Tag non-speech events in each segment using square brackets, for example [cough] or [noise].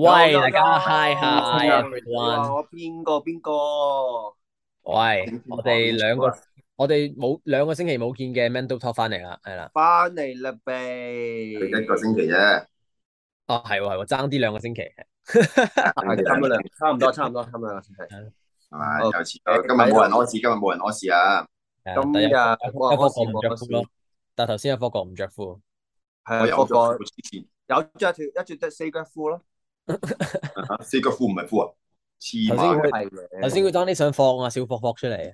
喂，大家嗨，嗨，下，你話我邊個邊個？喂，我哋兩個，我哋冇兩個星期冇見嘅 mental talk 翻嚟啦。係啦，翻嚟啦，貝，一個星期啫，哦，係喎係喎，爭啲兩個星期，係今日差唔多，差唔多，今日個星期，係又似，今日冇人屙屎，今日冇人屙屎啊，今日，我屙屎唔着褲，但頭先阿法國唔着褲，係啊，法國有着一條一着對四腳褲咯。四腳褲唔係褲啊，刺、啊、馬。頭先佢當你想放啊，小卜卜出嚟。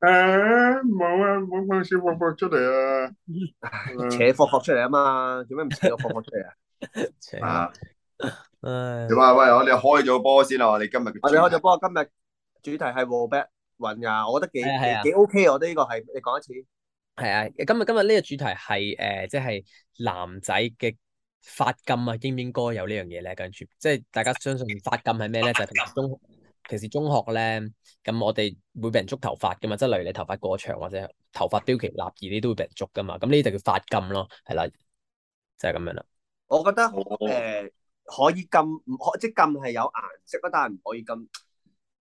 誒，冇啊，冇咩小卜卜出嚟啊。扯卜卜出嚟啊嘛，做咩唔扯個卜卜出嚟啊？扯。唉，喂喂，我哋開咗波先啦，我哋今日我哋開咗波，今日主題係卧 bet 雲呀，我覺得幾幾 [laughs] OK，我覺得呢個係你講一次。係 [laughs] 啊，今日今日呢個主題係誒，即、呃、係、就是、男仔嘅。髮禁啊，應唔應該有呢樣嘢咧？跟住，即係大家相信髮禁係咩咧？就平時中平時中學咧，咁我哋會俾人捉頭髮噶嘛？即係例如你頭髮過長或者頭髮標奇立異，你都會俾人捉噶嘛？咁呢啲就叫髮禁咯，係啦，就係、是、咁樣啦，呃呃。我覺得好誒，可以禁唔可即係禁係有顏色咯，但係唔可以禁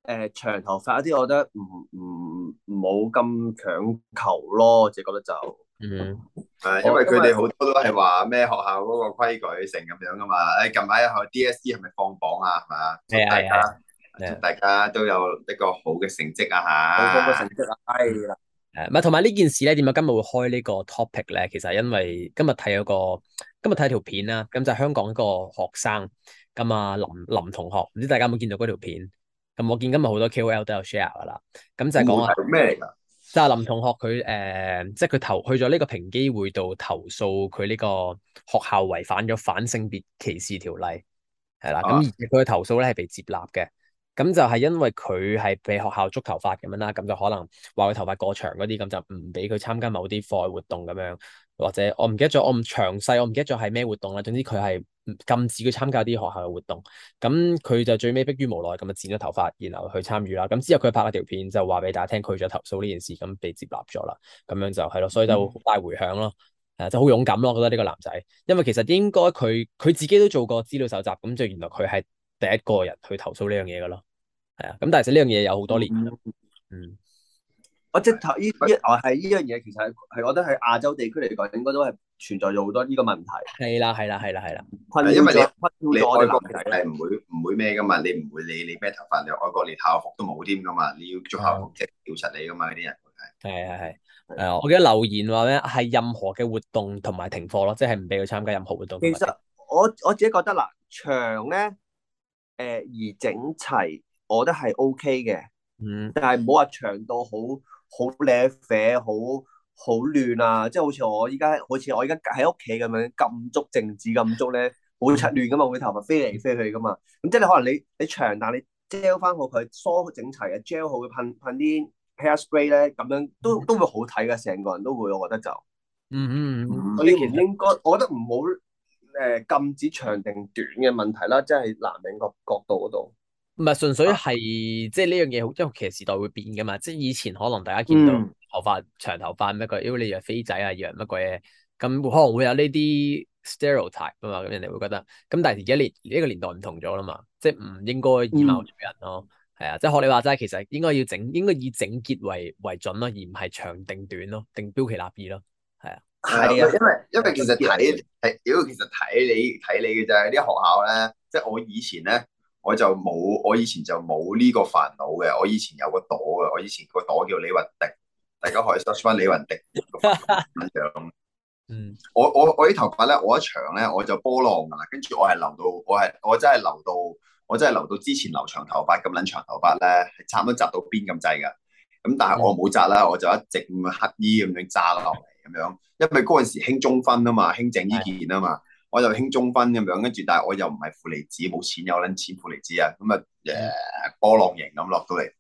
誒長頭髮嗰啲，我覺得唔唔冇咁強求咯，我自己覺得就。嗯，誒，因為佢哋好多都係話咩學校嗰個規矩成咁樣噶嘛？誒、哎，近排學 DSE 係咪放榜啊？係嘛的？係啊，係啊的，大家都有一個好嘅成績啊吓，好高嘅成績啊，係啊，誒、哎，唔係同埋呢件事咧，點解今日會開呢個 topic 咧？其實因為今日睇有個，今日睇條片啦，咁就香港一個學生咁啊，林林同學，唔知大家有冇見到嗰條片？咁我見今日好多 KOL 都有 share 噶啦，咁就係講咩嚟噶？就係林同學佢誒、呃，即係佢投去咗呢個平機會度投訴佢呢個學校違反咗反性別歧視條例，係啦、啊，咁而佢嘅投訴咧係被接納嘅。咁就係因為佢係被學校捉頭髮咁樣啦，咁就可能話佢頭髮過長嗰啲，咁就唔俾佢參加某啲課外活動咁樣，或者我唔記得咗，我唔詳細，我唔記得咗係咩活動啦。總之佢係禁止佢參加啲學校嘅活動。咁佢就最尾迫於無奈咁啊剪咗頭髮，然後去參與啦。咁之後佢拍咗條片就話俾大家聽，佢就投訴呢件事，咁被接納咗啦。咁樣就係咯，所以就好大迴響咯，誒、嗯，即係好、啊、勇敢咯，我覺得呢個男仔，因為其實應該佢佢自己都做過資料搜集，咁就原來佢係第一個人去投訴呢樣嘢噶咯。係啊，咁但係其實呢樣嘢有好多年，嗯，我即係依依，我係依樣嘢，其實係我覺得喺亞洲地區嚟講，應該都係存在咗好多呢個問題。係啦，係啦，係啦，係啦，因為你你外國係唔會唔、嗯、會咩噶嘛？你唔會理你咩頭髮？你外國連校服都冇添噶嘛？你要做校服即、就是、調實你噶嘛？呢啲人係係係，誒，我記得留言話咧，係任何嘅活動同埋停課咯，即係唔俾佢參加任何活動。其實我我自己覺得啦，長咧誒而整齊。呃呃呃我覺得係 O K 嘅，嗯、但係唔好話長到好好扯啡好好亂啊！即係好似我依家，好似我依家喺屋企咁樣，禁足靜止，禁足咧好出亂噶嘛，會頭髮飛嚟飛去噶嘛。咁即係你可能你你長，但係你遮 e 翻好佢，梳整齊啊 gel 好佢，噴噴啲 hair spray 咧，咁樣都都會好睇噶，成個人都會，我覺得就嗯嗯嗯，我哋唔應該，我覺得唔好誒禁止長定短嘅問題啦，即係男人角角度嗰度。唔係，純粹係即係呢樣嘢，因為其實時代會變噶嘛。即係以前可能大家見到頭髮、嗯、長頭髮乜鬼，屌你又飛仔啊，又乜鬼嘢，咁可能會有呢啲 stereotype 啊嘛。咁人哋會覺得，咁但係而家年呢個年代唔同咗啦嘛。即係唔應該以貌取人咯，係、嗯、啊。即係學你話齋，其實應該要整，應該以整潔為為準咯，而唔係長定短咯，定標奇立異咯，係啊。係啊，因為因為其實睇如果其實睇你睇你嘅就係啲學校咧，即係我以前咧。我就冇，我以前就冇呢個煩惱嘅。我以前有個朵嘅，我以前個朵叫李雲迪，大家可以 search 翻李雲迪個樣。嗯，我我我啲頭髮咧，我一長咧我就波浪噶啦，跟住我係留到，我係我真係留到，我真係留到之前留長頭髮咁撚長頭髮咧，係差唔多紮到邊咁滯㗎。咁但係我冇紮啦，我就一直咁樣黑衣咁樣揸落嚟咁樣，因為嗰陣時興中分啊嘛，興整衣件啊嘛。我，就我又興中分咁樣，跟住但係我又唔係負離子，冇錢有撚錢負離子啊！咁啊，誒波浪型咁落到嚟，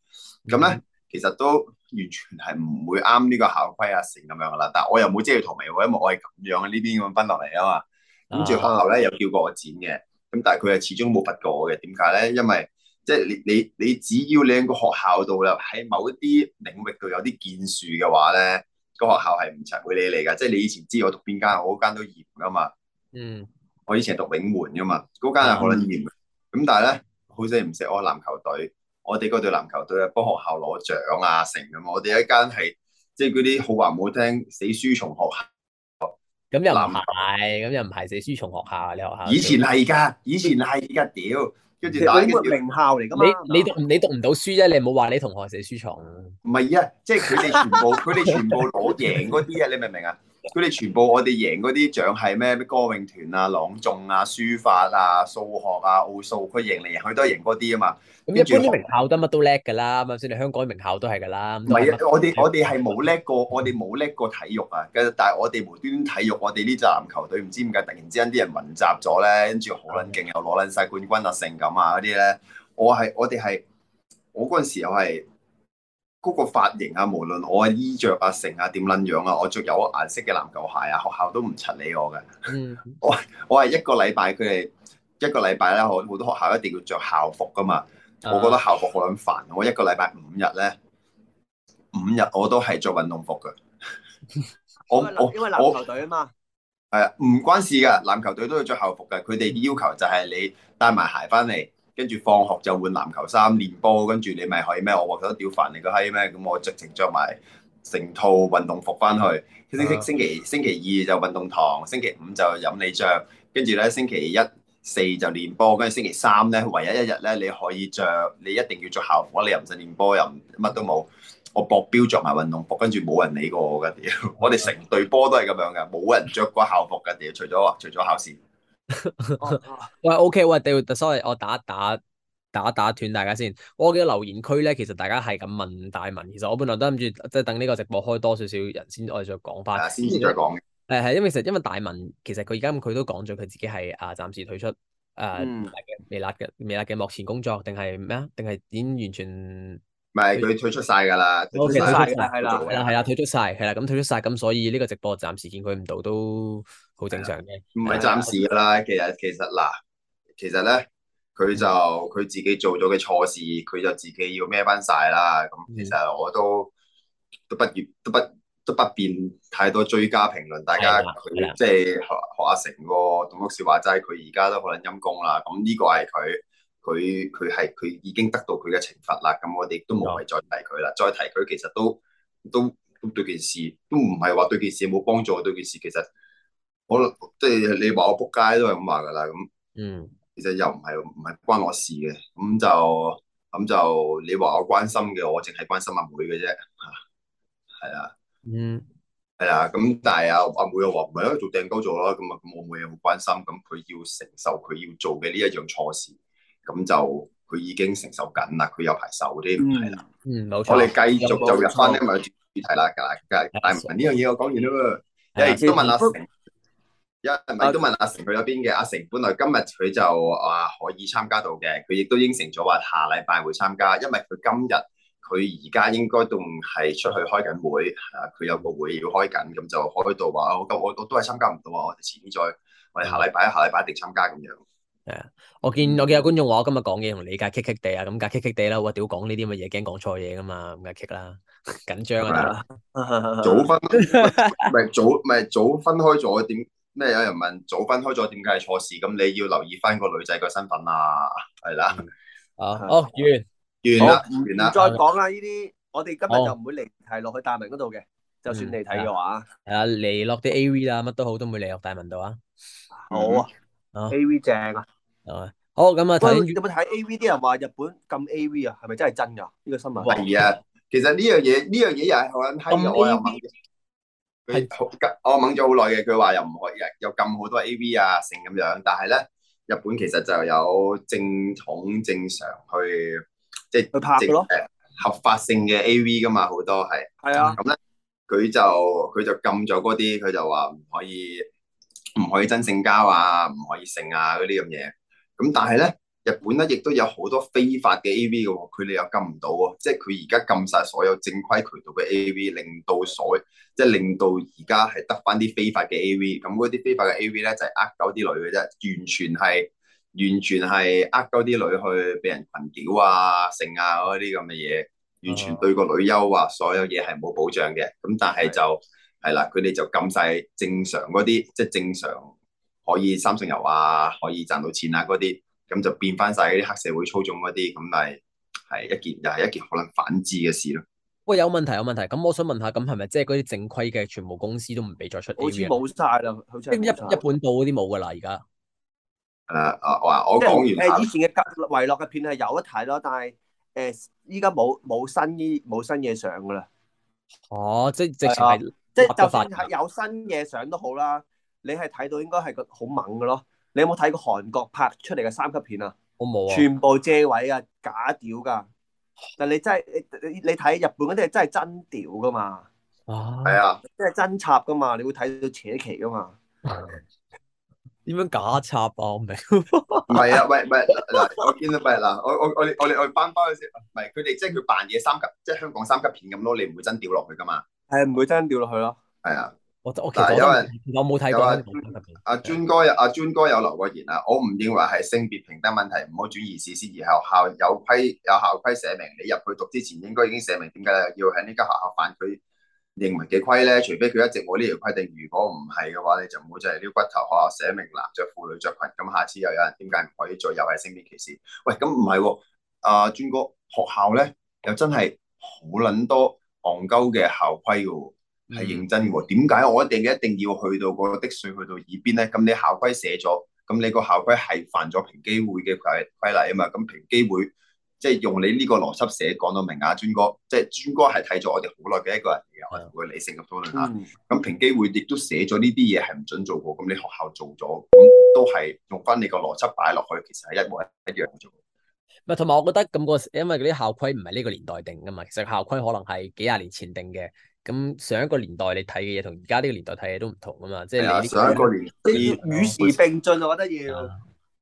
咁咧其實都完全係唔會啱呢個校規啊成咁樣啦。但係我又冇遮住條眉喎，因為我係咁樣啊呢邊咁分落嚟啊嘛。跟住學校咧又叫過我剪嘅，咁但係佢係始終冇罰過我嘅。點解咧？因為即係你你你只要你喺個學校度啦，喺某一啲領域度有啲建樹嘅話咧，個學校係唔會理會你㗎。即係你以前知我讀邊間，我間都嚴㗎嘛。嗯，我以前讀永門噶嘛，嗰間又好得意。咁、嗯、但係咧，好死唔死我籃球隊，我哋嗰隊籃球隊啊幫學校攞獎啊成咁。我哋一間係，即係嗰啲好話唔好聽，死書蟲學校。咁又唔係，咁又唔係死書蟲學校，你學校以前係噶，以前係、嗯、而家屌、就是，跟住我呢名校嚟噶嘛？你你讀你讀唔到書啫，你冇話你同學死書蟲。唔係啊，即係佢哋全部，佢哋 [laughs] 全部攞贏嗰啲啊，你明唔明啊？ [laughs] 佢哋全部我哋贏嗰啲獎係咩？咩歌詠團啊、朗誦啊、書法啊、數學啊、奧數，佢贏嚟贏去都係贏嗰啲啊嘛。咁一般啲名校得乜都叻噶啦，咁先你香港名校都係噶啦。唔係啊，啊我哋我哋係冇叻過，我哋冇叻過體育啊。咁但係我哋無端端體育我，我哋呢隻籃球隊唔知點解突然之間啲人雲集咗咧，跟住好捻勁，又攞捻曬冠軍啊等等、性錦啊嗰啲咧。我係我哋係，我嗰陣時又係。嗰個髮型啊，無論我衣着啊、成啊、點捻樣啊，我着有顏色嘅籃球鞋啊，學校都唔柒理我噶。嗯，我我係一個禮拜，佢哋一個禮拜咧，我好多學校一定要着校服噶嘛。啊、我覺得校服好捻煩，我一個禮拜五日咧，五日我都係着運動服噶。 [laughs] 我我因為籃球隊啊嘛，係啊，唔關事噶，籃球隊都要着校服噶。佢哋要求就係你帶埋鞋翻嚟。跟住放學就換籃球衫練波，跟住你咪可以咩？我獲得屌煩你個閪咩？咁我直情着埋成套運動服翻去。星期星期星期二就運動堂，星期五就飲你着。跟住咧星期一四就練波，跟住星期三咧唯一一日咧你可以着，你一定要着校服。你又唔使練波又乜都冇，我博標着埋運動服，跟住冇人理過我㗎屌！ [laughs] 我哋成隊波都係咁樣㗎，冇人着過校服㗎屌，除咗除咗考試。喂 OK，喂哋 sorry，我打打打打斷大家先。我見到留言區咧，其實大家係咁問大文，其實我本來都諗住即係等呢個直播開多少少人先，我哋再講翻。先先再講嘅。誒，係因為其實因為大文，其實佢而家佢都講咗，佢自己係啊暫時退出誒、啊嗯、未辣嘅未辣嘅幕前工作，定係咩啊？定係已經完全？唔係佢退出晒㗎啦，退出曬係啦，係啦，退出晒。係啦，咁退出曬咁，所以呢個直播暫時見佢唔到都好正常嘅。唔係暫時㗎啦，其實其實嗱，其實咧佢就佢自己做咗嘅錯事，佢就自己要孭翻晒啦。咁其實我都都不如都不都不變太多追加評論。大家即係學學阿成董福士話齋，佢而家都可能陰功啦。咁呢個係佢。佢佢係佢已經得到佢嘅懲罰啦。咁我哋都冇謂再提佢啦。再提佢其實都都都對件事都唔係話對件事有冇幫助。對件事其實我即係你話我仆街都係咁話噶啦。咁嗯，其實又唔係唔係關我事嘅。咁就咁就你話我關心嘅，我淨係關心阿妹嘅啫嚇，係啊，嗯，係啊。咁但係阿阿妹又話唔係啊，做訂糕做啦。咁啊咁，我妹有冇關心？咁佢要承受佢要做嘅呢一樣錯事。咁就佢已經承受緊啦，佢有排受啲係啦。我哋繼續就入翻呢個主題啦。大家，但係呢樣嘢我講完啦喎。有人都問阿成，有人 Okay. 都問阿成佢嗰邊嘅阿成，本來今日佢就話、啊、可以參加到嘅，佢亦都應承咗話下禮拜會參加，因為佢今日佢而家應該仲係出去開緊會嚇，佢、啊、有個會要開緊，咁就開到話我我都係參加唔到啊，我哋遲啲再，我哋下禮拜下禮拜一定參加咁樣。係我見我見有觀眾話我今日講嘢同理解棘棘地，地 them, wider, 啊，咁解棘棘地啦，我屌講呢啲咁嘅嘢，驚講錯嘢噶嘛，咁解棘啦，緊張啊，早分唔係早唔早分開咗點咩？有人問早分開咗點解係錯事，咁你要留意翻個女仔個身份啊，係啦、嗯，哦，完完啦，唔再講啦，呢啲我哋今日就唔會離題落去大文嗰度嘅，就算你睇嘅話，係啊，離落啲 A V 啦，乜都好都唔會離落大文度啊，好啊，A V 正啊。好，咁啊睇有冇睇 A.V. 啲人話日本禁 A.V. 啊，係咪真係真噶呢個新聞？係啊哇，其實呢樣嘢呢樣嘢又係我卵嗨嘅，我抌佢好我抌咗好耐嘅。佢話又唔可以，又禁好多 A.V. 啊，成咁樣。但係咧，日本其實就有正統正常去即係去拍咯正、呃，合法性嘅 A.V. 噶嘛，好多係係啊。咁咧佢就佢就禁咗嗰啲，佢就話唔可以唔可以真性交啊，唔可以性啊嗰啲咁嘢。咁但係咧，日本咧亦都有好多非法嘅 AV 嘅喎，佢哋又禁唔到喎，即係佢而家禁晒所有正規渠道嘅 AV，令到所即係令到而家係得翻啲非法嘅 AV。咁嗰啲非法嘅 AV 咧就係呃鳩啲女嘅啫，完全係完全係呃鳩啲女去俾人群屌啊、性啊嗰啲咁嘅嘢，完全對個女優啊所有嘢係冇保障嘅。咁但係就係、嗯、啦，佢哋就禁晒正常嗰啲即係正常。可以三成油啊，可以賺到錢啊，嗰啲咁就變翻晒嗰啲黑社會操縱嗰啲，咁咪係一件又係、就是、一件可能反智嘅事咯。喂，有問題有問題，咁我想問下，咁係咪即係嗰啲正規嘅全部公司都唔俾再出片？好似冇晒啦，即係一一本道嗰啲冇噶啦，而家、啊。誒，話我講完。誒，以前嘅格吉維洛嘅片係有一睇咯，但係誒依家冇冇新依冇新嘢上噶啦。哦，即係直情係，即係就算係有新嘢上都好啦。你係睇到應該係個好猛噶咯，你有冇睇過韓國拍出嚟嘅三級片啊？我冇啊！全部借位啊，假屌噶！但你真係你你睇日本嗰啲係真係真屌噶嘛？哦，係啊，即係真插噶嘛，你會睇到扯旗噶嘛？係點 [laughs] 樣假插啊？我唔明，係 [laughs] 啊，唔係唔係嗱，我見到唔嗱，我我我我我班班嗰啲唔係佢哋即係佢扮嘢三級，即係香港三級片咁咯，你唔會真屌落去噶嘛？係啊，唔會真屌落去咯？係啊。嗱，我有人我冇睇過。阿 Jun、啊啊、哥阿 Jun、啊、哥有留過言啦。我唔認為係性別平等問題，唔好轉移視線。而學校有規，有校規寫明，你入去讀之前應該已經寫明點解要喺呢間學校反佢認為嘅規咧。除非佢一直冇呢條規定，如果唔係嘅話，你就唔好再嚟丟骨頭。學校寫明男著褲，女著裙，咁下次又有人點解唔可以再又係性別歧視？喂，咁唔係喎，阿、啊、Jun 哥學校咧又真係好撚多戇鳩嘅校規嘅、啊、喎。係認真嘅，點解我定一定要去到個的水去到耳邊咧？咁你校規寫咗，咁你個校規係犯咗評機會嘅規規例啊嘛？咁評機會即係用你呢個邏輯寫講到明啊，尊哥，即係尊哥係睇咗我哋好耐嘅一個人嚟嘅，可能會理性咁討論下。咁評機會亦都寫咗呢啲嘢係唔准做過，咁你學校做咗，咁都係用翻你個邏輯擺落去，其實係一模一樣做。係同埋，我覺得咁、嗰個，因為嗰啲校規唔係呢個年代定嘅嘛，其實校規可能係幾廿年前定嘅。咁上一個年代你睇嘅嘢同而家呢個年代睇嘢都唔同㗎嘛，即係上一個年，即係與時並進，我覺得要係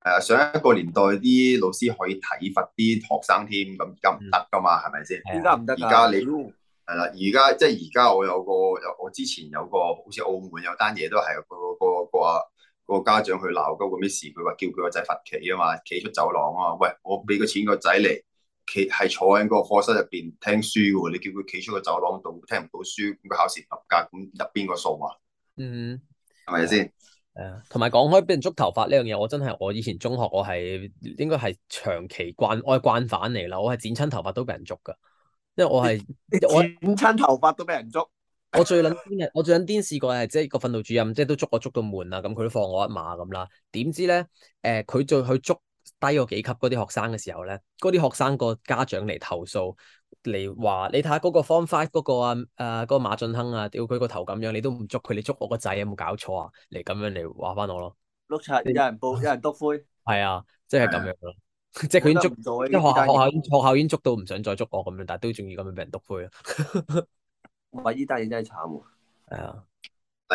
啊。上一個年代啲老師可以體罰啲學生添，咁而家唔得噶嘛，係咪先？而家唔得？而家、啊、你係啦，而家即係而家我有個，有我之前有個，好似澳門有單嘢都係個個個啊個家長去鬧，個咁啲事，佢話叫佢個仔罰企啊嘛，企出走廊啊，喂，我俾個錢個仔嚟，企係坐喺個課室入邊聽書嘅，你叫佢企出個走廊度聽唔到書，咁佢考試合格，咁入邊個數啊？嗯，係咪先？係同埋講開俾人捉頭髮呢樣嘢，我真係我以前中學我係應該係長期慣，我係慣犯嚟啦。我係剪親頭髮都俾人捉噶因為我係剪親頭髮都俾人捉。我最捻癲的我最捻癲試過係即係個訓導主任，即係都捉我捉到悶啦，咁佢都放我一馬咁啦。點知咧？誒、呃，佢再去捉。去低個幾級嗰啲學生嘅時候咧，嗰啲學生個家長嚟投訴嚟話，你睇下嗰個 form five 嗰個啊誒、啊嗰個馬俊亨啊，屌佢個頭咁樣，你都唔捉佢，你捉我個仔有冇搞錯啊？嚟咁樣嚟話返我咯。督有人報，有人督灰。係 [laughs] 啊，就是、啊即係咁樣咯，即係佢已經捉，因為學校學校已經捉到唔想再捉我咁樣，但係都仲要咁樣俾人督灰 [laughs] 真慘啊。哇， [laughs] 呢單嘢真係慘。係啊，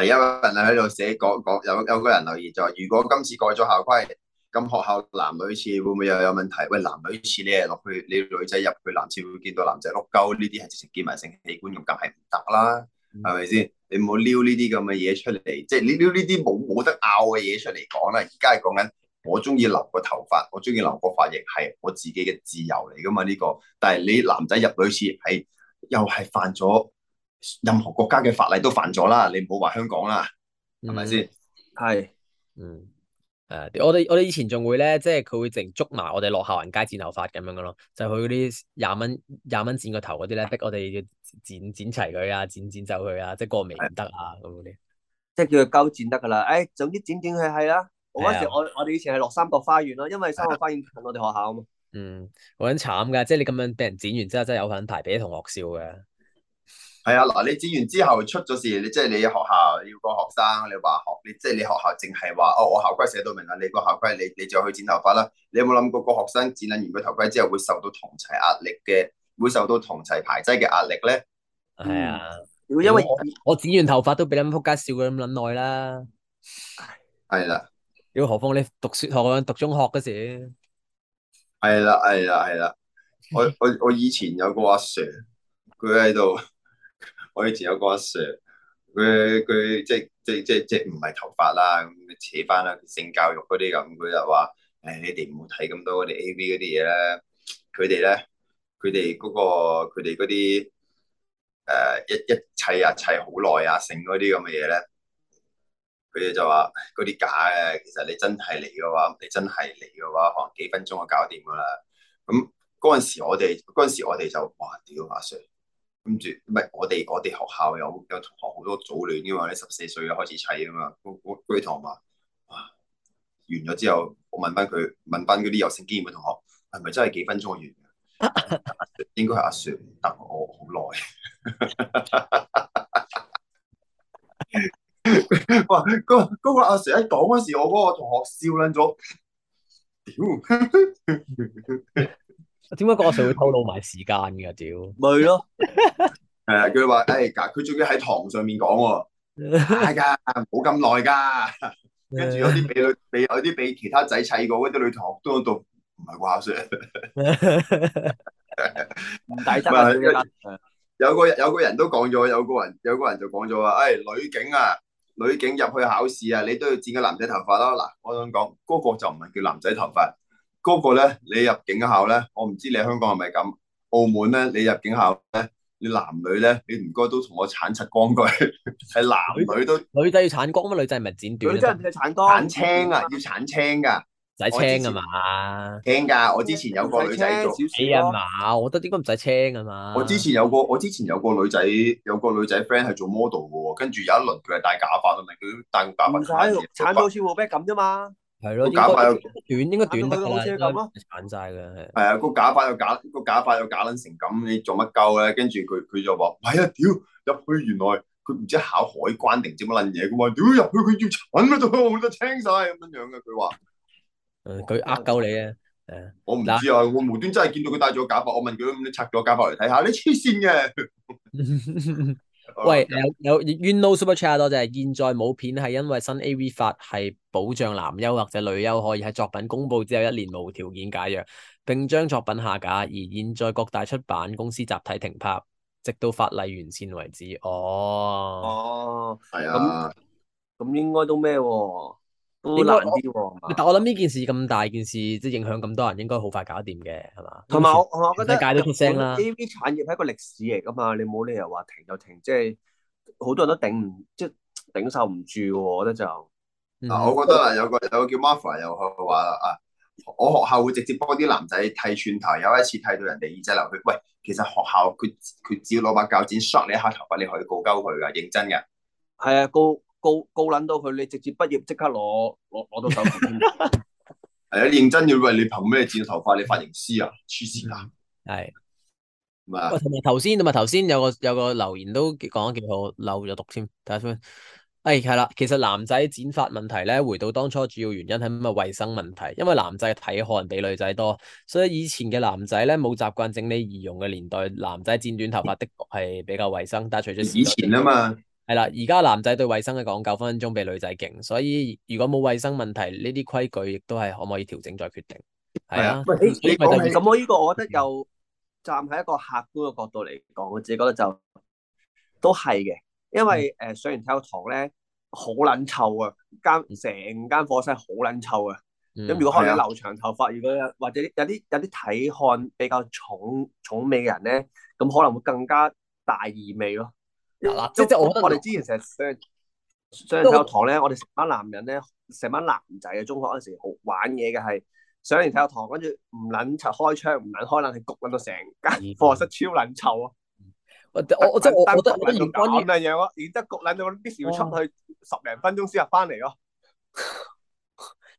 一有，有，有，有人喺度寫講講，有有個人留言就如果今次改咗校規。咁學校男女廁會唔會又有問題？喂，男女廁你係落去，你女仔入去男廁會見到男仔碌鳩，呢啲係直接見埋性器官，用，梗係唔得啦，係咪先？你唔好撩呢啲咁嘅嘢出嚟，即係你撩呢啲冇冇得拗嘅嘢出嚟講啦。而家係講緊我中意留個頭髮，我中意留個髮型係我自己嘅自由嚟噶嘛？呢個，但係你男仔入女廁係又係犯咗任何國家嘅法例都犯咗啦。你唔好話香港啦，係咪先？係，嗯，嗯。誒、uh,，我哋我哋以前仲會咧，即係佢會淨捉埋我哋落下校人街剪頭髮咁樣噶咯，就去嗰啲廿蚊廿蚊剪個頭嗰啲咧，逼我哋要剪剪齊佢啊，剪剪走佢啊，即係過眉唔得啊咁嗰啲， [noise] 即係叫佢溝剪得噶啦，誒、哎，總之剪剪佢係啦。我嗰時我我哋以前係落三角花園咯，因為三角花園近我哋學校啊嘛。嗯，好慘噶，即係你咁樣俾人剪完之後真係有份排俾同學笑嘅。係啊，嗱，你剪完之後出咗事，你即係你學校要個學生，你話學，你即係你學校淨係話哦，我校規寫到明啦，你個校規，你你就要去剪頭髮啦。你有冇諗過個學生剪捻完個頭盔之後，會受到同齊壓力嘅，會受到同齊排擠嘅壓力咧？係啊，因為我剪完頭髮都俾你撲街笑嘅咁捻耐啦。係啦，又何況你讀小學、讀中學嗰時，係啦，係啦，係啦，我我我以前有個阿 Sir，佢喺度。我以前有個阿 Sir，佢佢即即即即唔係頭髮啦，扯翻啦性教育嗰啲咁，佢就話：誒、哎，你哋唔好睇咁多我哋 A.V. 嗰啲嘢咧，佢哋咧，佢哋嗰個佢哋嗰啲誒一一砌啊，砌好耐啊，性嗰啲咁嘅嘢咧，佢哋就話嗰啲假嘅，其實你真係嚟嘅話，你真係嚟嘅話，可能幾分鐘就搞掂㗎啦。咁嗰陣時我哋嗰陣時我哋就哇屌阿 Sir！跟住，唔係我哋，我哋學校有有同學好多早戀噶嘛，啲十四歲開始砌噶嘛。我我嗰位同學話完咗之後，我問翻佢，問翻嗰啲有性經驗嘅同學，係咪真係幾分鐘完？應該係阿 Sir 等我好耐。 [laughs] 哇！嗰嗰、嗰個阿 Sir 一講嗰時，我嗰個同學笑捻咗。 [laughs] 點解郭 Sir 會透露埋時間嘅？屌， [laughs] [laughs] 咪咯，係佢話，誒，佢仲要喺堂上面講喎，係、哎、噶，冇咁耐噶，跟住有啲俾女，俾有啲俾其他仔砌過，嗰啲女同學都喺度，唔係郭 Sir 唔抵有個人有個人都講咗，有個人有個人就講咗話，誒、哎，女警啊，女警入去考試啊，你都要剪個男仔頭髮咯。嗱，我想講，嗰、嗰個就唔係叫男仔頭髮。那個嗰個咧，你入警校咧，我唔知你香港係咪咁？澳門咧，你入警校咧，你男女咧，你唔該都同我剷柒光佢。係 [laughs] 男女都。女仔要剷光咩？女仔唔係剪短。女仔唔使剷光。剷青啊，要剷青㗎。唔使青啊嘛。青㗎，我之前有個女仔做。少少咯、哎。我覺得點解唔使青啊嘛我？我之前有個我之前有個女仔有個女仔 friend 係做 model 㗎喎，跟住有一輪佢係戴假髮啊，咪佢戴個假髮。唔使用，剷到似毛筆咁啫嘛。係咯，假髮又短，應該短得好似咁咯。拆晒嘅係。係啊，個、啊、假髮有假，個假髮又假捻成咁，你做乜鳩咧？跟住佢佢就話：，喂啊，屌入去，原來佢唔知考海關定點乜捻嘢嘅嘛？屌入去佢要拆啊，都我都清晒咁樣樣嘅。佢話：，誒，佢呃鳩你啊，誒，我唔知啊，我無端真係見到佢戴咗個假髮，我問佢：，咁、嗯、你拆咗假髮嚟睇下？你黐線嘅。 [laughs] 喂，Okay. 有有，You know, super chat 就係。現在冇片係因為新 AV 法係保障男優或者女優可以喺作品公佈之後一年無條件解約，並將作品下架。而現在各大出版公司集體停拍，直到法例完善為止。哦，哦，係啊，咁、嗯啊、應該都咩喎？困難啲喎，但我諗呢件事咁大件事，即係影響咁多人，應該好快搞掂嘅，係嘛？同埋我我覺得界都出聲啦。A.V. 產業係一個歷史嚟噶嘛，你冇理由話停就停，即係好多人都頂唔即係頂受唔住喎。我覺得就嗱，我覺得啊，有個有個叫 Martha 又佢話啦啊，我學校會直接幫啲男仔剃寸頭，有一次剃到人哋耳仔流血。喂，其實學校佢佢只要攞把鉸剪 short 你一下頭髮，你可以告鳩佢噶，認真嘅。係啊，告。高高捻到佢，你直接畢業即刻攞攞攞到手。係啊、 [laughs] [laughs] 哎，認真要喂，你憑咩剪頭髮？你髮型師啊，黐線啦。係、啊。喂、哎，同埋頭先，同埋頭先有個有個留言都講得幾好，漏咗讀添。睇下先。誒，係啦，其實男仔剪髮問題咧，回到當初主要原因係咪衞生問題？因為男仔嘅體汗比女仔多，所以以前嘅男仔咧冇習慣整理儀容嘅年代，男仔剪短頭髮的確係比較衞生。但係除咗以前啊嘛。係啦，而家男仔對衛生嘅講究分分鐘比女仔勁，所以如果冇衛生問題，呢啲規矩亦都係可唔可以調整再決定？係啊，咁我呢個我覺得又站喺一個客觀嘅角度嚟講，我自己覺得就是，都係嘅，因為誒、嗯嗯呃，上完體育堂咧好撚臭啊，間成間課室好撚臭啊，咁、嗯嗯、如果可能留長頭髮，如果或者有啲有啲體汗比較重重味嘅人咧，咁可能會更加大異味咯。嗱，即即我覺得我哋之前成日上上體育堂咧，常常常常常我哋成班男人咧，成班男仔嘅中學嗰時好玩嘢嘅係上完體育堂，跟住唔捻就開窗，唔捻開冷氣焗，焗捻到成間課室超捻臭啊！我我即我覺得覺得而家點樣樣咯？而家焗捻到，必要出去哇十零分鐘先入翻嚟咯。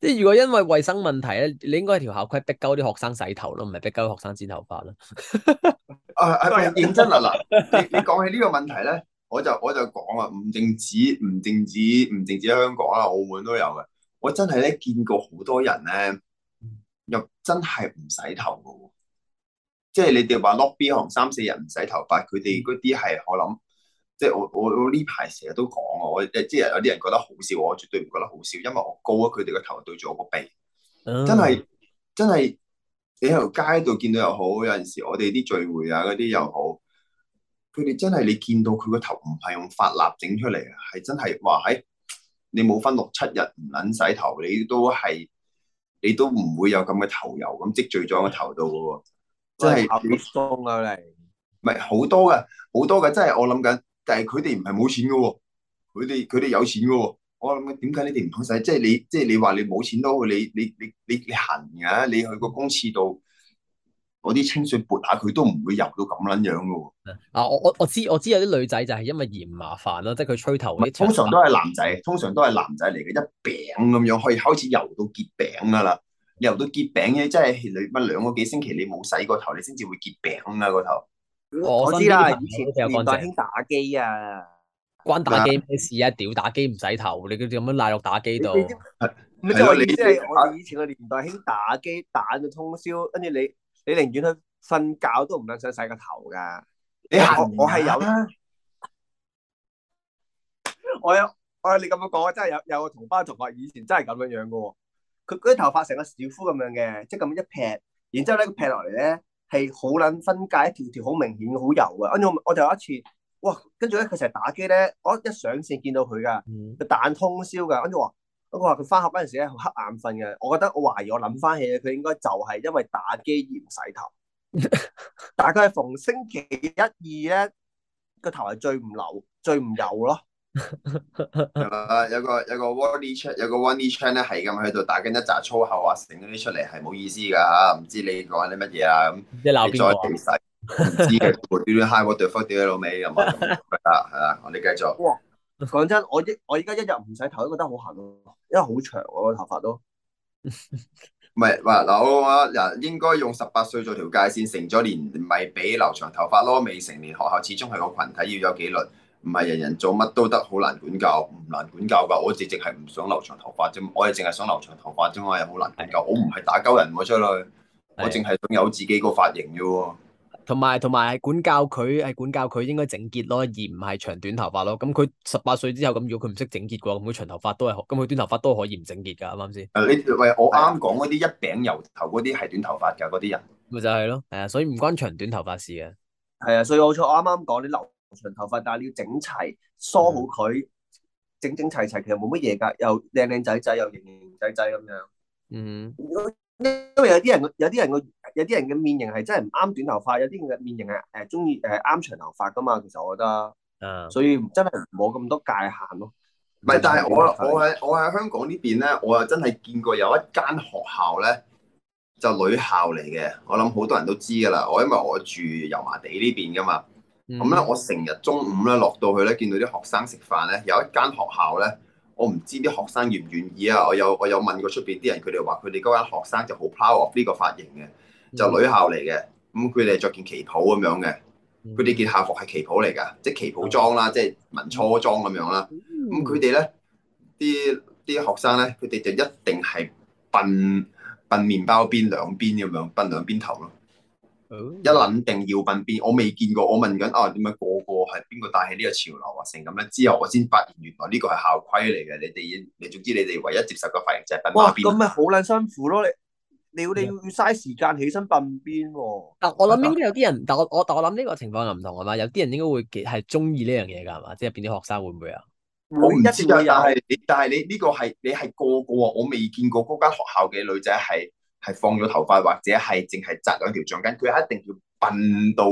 即如果因為衛生問題咧，你應該係條校規逼鳩啲學生洗頭咯，唔係逼鳩啲學生剪頭髮咯。啊， [laughs] [laughs] 認真啦啦，你你講起呢個問題咧？ [laughs] 我就我就講啊，唔淨止唔淨止唔淨止香港啊，澳門都有嘅。我真係咧見過好多人咧，又真係唔洗頭嘅喎。即係你哋話 look B 行三四日唔洗頭髮，佢哋嗰啲係我諗，即係我我我呢排成日都講我，即係有啲人覺得好笑，我絕對唔覺得好笑，因為我高咗，佢哋個頭對住我個鼻，oh. 真係真係你喺條街度見到又好，有陣時我哋啲聚會啊嗰啲又好。Oh. 佢哋真係你見到佢個頭唔係用髮蠟整出嚟啊，係真係話喺你冇分六七日唔捻洗頭，你都係你都唔會有咁嘅頭油咁積聚咗喺個頭度嘅喎，即係阿炳風啊你，唔係好多噶，好多噶，真係我諗緊，但係佢哋唔係冇錢噶，佢哋佢哋有錢噶，我諗點解你哋唔去洗？即係你即係你話你冇錢都好，你你你你你行噶、啊，你去個公廁度。嗰啲清水撥下佢都唔會油到咁撚樣嘅喎、哦。啊，我我我知我知有啲女仔就係因為嫌麻煩咯，即係佢吹頭嗰通常都係男仔，通常都係男仔嚟嘅，一餅咁樣可以開始油到結餅噶啦，油、啊、到結餅嘅即係你乜兩個幾星期你冇洗過頭，你先至會結餅㗎、啊、個頭。我，我知啦，以前年代興打機啊，關打機咩事啊？屌的打機唔洗頭，你嗰啲咁樣賴落打機度。咁即係我哋，即係、啊、以前個年代興打機，打到通宵，跟住你。你寧願去瞓覺都唔撚想洗個頭㗎。你我 [laughs] 我係有，有，我有我有。你咁樣講，我真係有有個同班同學以前真係咁樣樣嘅。佢佢啲頭髮成個小夫咁樣嘅，即係咁一劈。然之後咧佢劈落嚟咧係好撚分界一條條好明顯，好油啊。跟住我就有一次，哇！跟住咧佢成日打機咧，我一上線見到佢㗎，佢彈通宵㗎。跟住我。不過話佢翻學嗰陣時咧好黑眼瞓嘅，我覺得我懷疑我諗翻起佢應該就係因為打機而唔洗頭。但係佢逢星期一二咧個頭係最唔流，最唔油咯。有 [laughs] 個有個 Wally Chan，有個 Wally Chan 咧係咁喺度打緊一紮粗口啊，成咗啲出嚟係冇意思噶吓，唔知你講啲乜嘢啊咁。一鬧邊個？你再肥細？唔知嘅，無端端 high 過對方，屌你老味又冇得係啦。我哋繼續。講真，我一我依家，一日唔洗頭都覺得好痕咯，因為好長、啊、 [laughs] 我個頭髮都。唔係，話嗱，我話人應該用十八歲做條界線，成咗年咪俾留長頭髮咯。未成年學校始終係個群體，要有紀律，唔係人人做乜都得，好難管教，唔難管教噶。我直直係唔想留長頭髮啫，我係淨係想留長頭髮啫，我又好難管教。的我唔係打鳩人，我出去，我淨係想有自己個髮型啫。的同埋同埋係管教佢係管教佢應該整潔咯，而唔係長短頭髮咯。咁佢十八歲之後咁，如果佢唔識整潔嘅話，咁佢長頭髮都係，咁佢短頭髮都可以唔整潔㗎，啱唔啱先？誒，你喂，我啱啱講嗰啲一餅油頭嗰啲係短頭髮㗎，嗰啲人咪就係咯，係啊，所以唔關長短頭髮事嘅。係啊，所以我錯，我啱啱講你留長頭髮，但係你要整齊梳好佢，整整齊齊，其實冇乜嘢㗎，又靚靚仔仔，又型型仔仔咁樣。嗯，因為有啲人，有啲人有啲人嘅面型係真係唔啱短頭髮，有啲嘅面型係誒中意誒啱長頭髮噶嘛。其實我覺得，啊、所以真係冇咁多界限咯。唔係不，但係我我喺我喺香港呢邊咧，我真係見過有一間學校咧，就女校嚟嘅。我諗好多人都知㗎啦。我因為我住油麻地呢邊㗎嘛，咁咧、嗯嗯嗯、我成日中午咧落到去咧，見到啲學生食飯咧，有一間學校咧，我唔知啲學生願唔願意啊。我有我有，我有問過出邊啲人，佢哋話佢哋嗰間學生就好 proud of 呢個髮型嘅。就女校嚟嘅，咁佢哋着件旗袍咁樣嘅，佢哋件校服係旗袍嚟㗎，即係旗袍裝啦，的即係民初裝咁樣啦。咁佢哋咧，啲啲學生咧，佢哋就一定係笨，笨麪包邊兩邊咁樣笨兩邊頭咯。嗯、一諗定要笨邊，我未見過，我問緊啊，點解個個係邊個帶起呢個潮流啊？成咁咧，之後我先發現原來呢個係校規嚟嘅。你哋，你總之你哋唯一接受嘅髮型就係笨。哇，咁咪好撚辛苦咯、啊、你！你要你要嘥時間起身鬢邊喎，但我諗應該有啲人，吧但我我但我諗呢個情況就唔同啊嘛，有啲人應該會係中意呢樣嘢噶係嘛？即係入邊啲學生會唔會啊？好，唔知啊，但你但係你呢個係你係個個，我未見過嗰間學校嘅女仔係係放咗頭髮或者係淨係紮兩條橡筋，佢係一定要笨到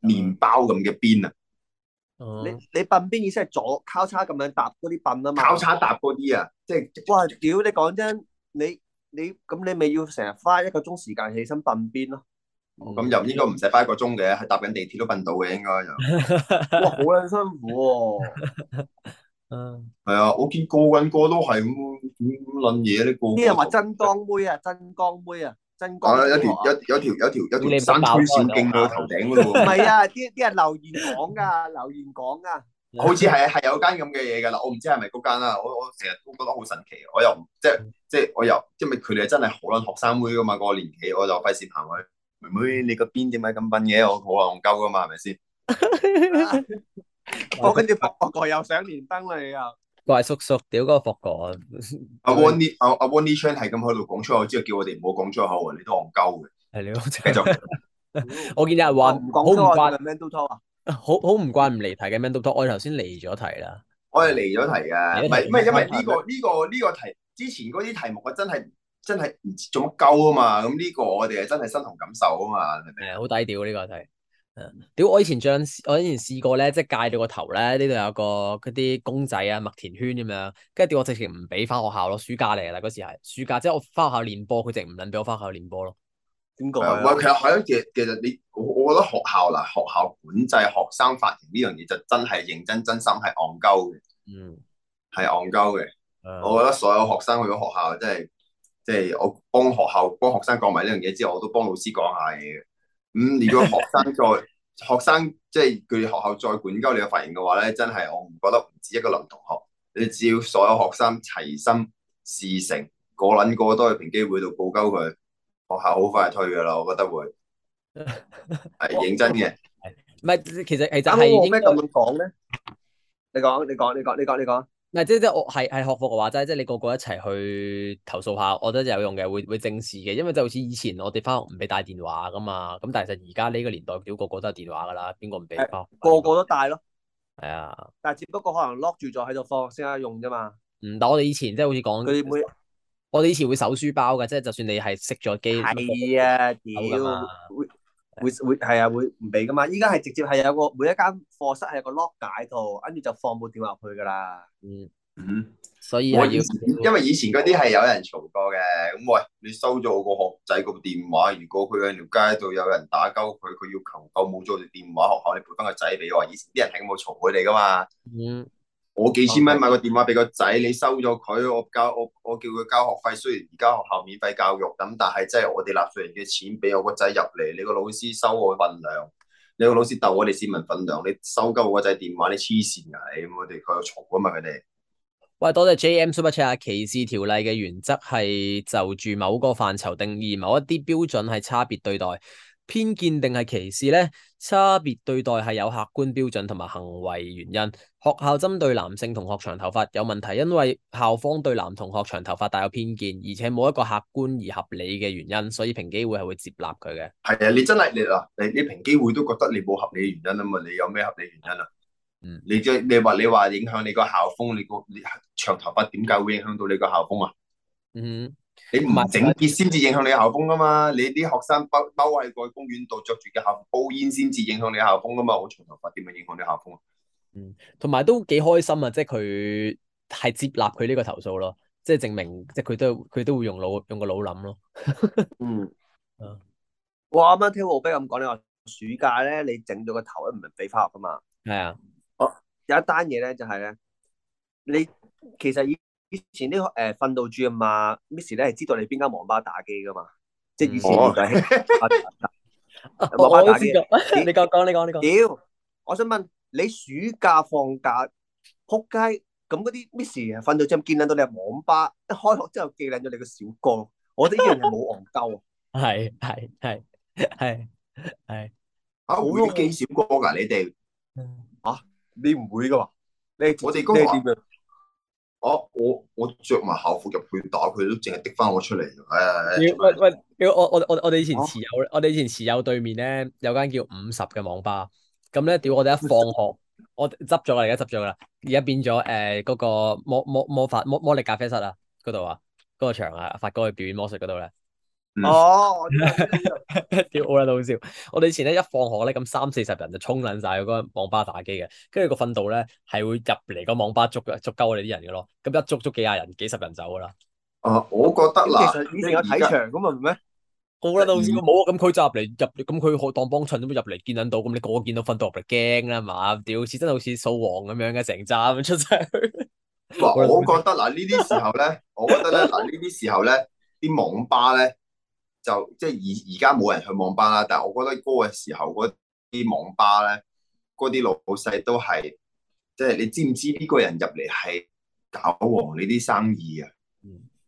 麵包咁嘅邊啊！你你鬢邊意思係左交叉咁樣搭嗰啲笨啊嘛？交叉搭嗰啲啊，即係哇！屌你講真你。你咁你咪要成日花一個鐘時間起身瞓邊咯？咁又應該唔使花一個鐘嘅，係搭緊地鐵都瞓到嘅應該又。哇，好捻辛苦喎！係啊，我見過緊個都係咁，點諗嘢咧？啲人話真光妹啊，真光妹啊，真光。啊！有條有有條有條有條山推小徑到頭頂嘅咯喎。唔係啊，啲啲人留言講噶，留言講噶。好似係係有間咁嘅嘢噶啦，我唔知係咪嗰間啦。我我成日都覺得好神奇，我又即係即係我又，因為佢哋真係好捻學生妹噶嘛，個年紀我就費事行去。妹妹，你個邊點解咁笨嘅？我好戇鳩噶嘛，係咪先？我跟住佛哥又想連登啦，你又怪叔叔，屌嗰個佛哥阿 Wanie 阿阿 Wanie Chan 係咁喺度講出口，之後叫我哋唔好講出口，你都戇鳩嘅。係你咯，繼續。我見你人話唔講出口。好好唔慣，唔離題嘅咩？a n d o c 我頭先離咗題啦，我係離咗題噶，唔係唔係因為呢、這個呢、這個呢、這個題之前嗰啲題目我真係真係唔知做乜鳩啊嘛，咁呢個我哋係真係身同感受啊嘛，係好、嗯、低調呢、這個題，屌、嗯、我以前將我以前試過咧，即係戒到個頭咧，呢度有個嗰啲公仔啊麥田圈咁樣，跟住屌我直情唔俾翻學校咯，暑假嚟啦嗰時係暑假，即係我翻學校練波，佢直唔撚俾我翻學校練波咯。唔係，其實喺其實其實你，我我覺得學校嗱，學校管制學生發言呢樣嘢就真係認真真心係戇鳩嘅，嗯，係戇鳩嘅。嗯、我覺得所有學生去咗學校，即係即係我幫學校幫學生講埋呢樣嘢之後，我都幫老師講下嘢嘅。咁、嗯、如果學生再 [laughs] 學生即係佢學校再管鳩你嘅發言嘅話咧，真係我唔覺得唔止一個林同學，你只要所有學生齊心事成，各個撚個都，去平機會度報鳩佢。學校好快退噶啦，我覺得會係認真嘅。唔係， [laughs] 其實係點解咁樣講咧？你講，你講，你講，你講，你講。唔係即係即係我係係學服嘅話齋，即係你個個一齊去投訴下，我覺得有用嘅，會會正視嘅。因為就好似以前我哋翻學唔俾帶電話噶嘛，咁但係實而家呢個年代，表個個都係電話噶啦，邊個唔俾？個個都帶咯。係啊的，但係只不過可能 lock 住咗喺度放學先得用啫嘛。唔，但我哋以前即係好似講我哋以前會搜書包噶，即係就算你係熄咗機器啊，屌，會會會係啊，會唔俾噶嘛？依家係直接係有個每一間課室係有個 locker 喺度，跟住就放部電話入去噶啦。嗯，所以我要，因為以前嗰啲係有人嘈過嘅，咁喂，你收咗我個學仔個電話，如果佢喺條街度有人打交，佢佢要求救，冇咗條電話，學校你賠翻個仔俾我。以前啲人係冇嘈佢哋噶嘛。嗯。我幾千蚊買個電話俾個仔，你收咗佢，我交我我叫佢交學費。雖然而家學校免費教育，咁但係真係我哋納稅人嘅錢俾我個仔入嚟，你個老師收我份糧，你個老師逗我哋市民份糧，你收夠我個仔電話，你黐線呀，咁我哋佢又嘈啊嘛，佢哋。喂，多謝 JM Super Chat，歧視條例嘅原則係就住某個範疇，定義某一啲標準係差別對待。偏見定係歧視咧？差別對待係有客觀標準同埋行為原因。學校針對男性同學長頭髮有問題，因為校方對男同學長頭髮帶有偏見，而且冇一個客觀而合理嘅原因，所以平機會係會接納佢嘅。係啊，你真係你啊，你啲平機會都覺得你冇合理原因啊嘛？你有咩合理原因啊？嗯，你即係你話你話影響你個校風，你個你長頭髮點解會影響到你個校風啊？嗯。你唔係整潔先至影響你校風噶嘛？你啲學生包包喺個公園度着住嘅校服，煲煙先至影響你校風噶嘛？我長頭髮點樣影響你校風啊？嗯，同埋都幾開心啊！即係佢係接納佢呢個投訴咯，即係證明即係佢都佢都會用腦用個腦諗咯。 [laughs] 嗯， [laughs] 我啱啱聽奧飛咁講，你話暑假咧你整咗個頭，唔係俾翻學噶嘛？係啊，我、哦、有一單嘢咧，就係、是、咧，你其實以前呢個誒訓導主任啊嘛，Miss 咧，係知道你邊間網吧打機噶嘛，即係以前唔使網吧打機，你講講你講你講。屌，我想問你暑假放假扑街，咁嗰啲 Miss 訓導主任，見到你係網吧，一開學之後記靚咗你個小哥，我哋呢樣係冇戇鳩啊！係係係係係，啊好中意記小哥噶你哋，啊你唔會噶嘛？你我哋哥點樣？哦、啊，我我着埋校服入去打佢都淨係滴翻我出嚟。唉、哎！喂喂，我我我我哋以前持有，啊、我哋以前持有對面咧有間叫五十嘅網吧，咁咧屌我哋一放學 [laughs] 我執咗啦，而家執咗啦，而家變咗誒嗰個魔魔魔法魔魔力咖啡室啊，嗰度啊，嗰、那個場啊，阿發哥嘅表演魔術嗰度咧。哦，屌，好啦，都好笑。我哋以前咧一放學咧咁三四十人就衝撚晒嗰個網吧打機嘅，跟住個訓導咧係會入嚟個網吧捉，捉夠我哋啲人嘅咯。咁一捉捉幾廿人、幾十人走噶啦。啊，我覺得啦，其實有睇場噶嘛，咩？好啦，好笑。唔啊，咁佢就入嚟入，咁佢可當幫襯都入嚟見訓導，咁你個個見到訓導入嚟驚啦嘛？屌，似真係好似掃黃咁樣嘅成扎咁出聲。我話我覺得嗱呢啲時候咧，我覺得咧嗱呢啲時候咧，啲網吧咧。就即係而而家冇人去網吧啦，但係我覺得嗰個時候嗰啲網吧咧，嗰啲老細都係，即係，你知唔知呢個人入嚟係搞黃你啲生意啊？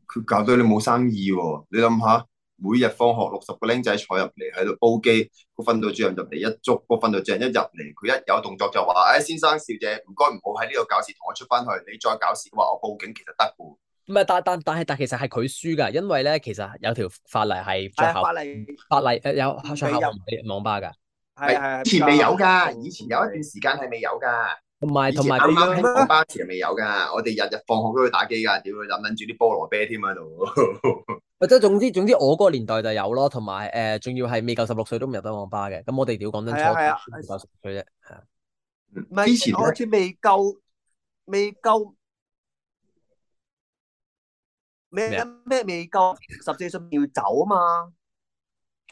佢搞到你冇生意喎，你諗下，每日放學六十個僆仔坐入嚟喺度煲機，個訓導主任入嚟一捉，個訓導主任一入嚟，佢一有動作就話：誒，先生小姐，唔該唔好喺呢度搞事，同我出翻去，你再搞事，我話我報警，其實得嘅。唔係，但但但係，但其實係佢輸噶，因為咧，其實有條法例係最後，法例誒有最後網吧噶，係前未有噶，以前有一段時間係未有噶，同埋同埋啱啱網吧時係未有噶，我哋日日放學都去打機噶，屌諗諗住啲菠蘿啤添喺度。即係總之總之，我嗰個年代就有咯，同埋誒，仲要係未夠十六歲都唔入到網吧嘅，咁我哋屌講緊初，未夠十六歲啫。唔係，以前好似未夠，未夠。咩啊？咩未夠？ [laughs] 十四歲要走啊嘛！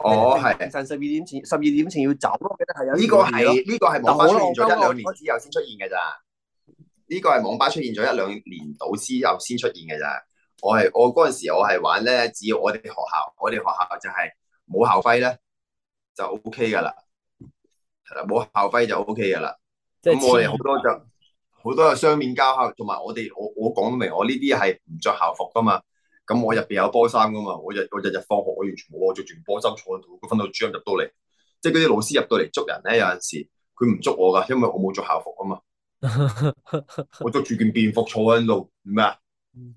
哦，係，凌晨十二點前，十二點前要走咯。記得係啊。呢個係呢個係網吧出現咗一兩年之後先出現嘅咋？呢個係網吧出現咗一兩年度之後先出現嘅咋？我係我嗰陣時我係玩咧，只要我哋學校，我哋學校就係、是、冇校徽咧，就 O K 噶啦，係啦，冇校徽就 O K 噶啦。咁我哋好多就好多係雙面膠校，同埋我哋我我講明，我呢啲係唔着校服噶嘛。咁我入邊有波衫噶嘛？我日我日日放學我完全冇，我着住件波衫坐喺度。佢分到主任入到嚟，即係嗰啲老師入到嚟捉人咧。有陣時佢唔捉我噶，因為我冇着校服啊嘛。 [laughs] 我着住件便服坐喺度，咩啊？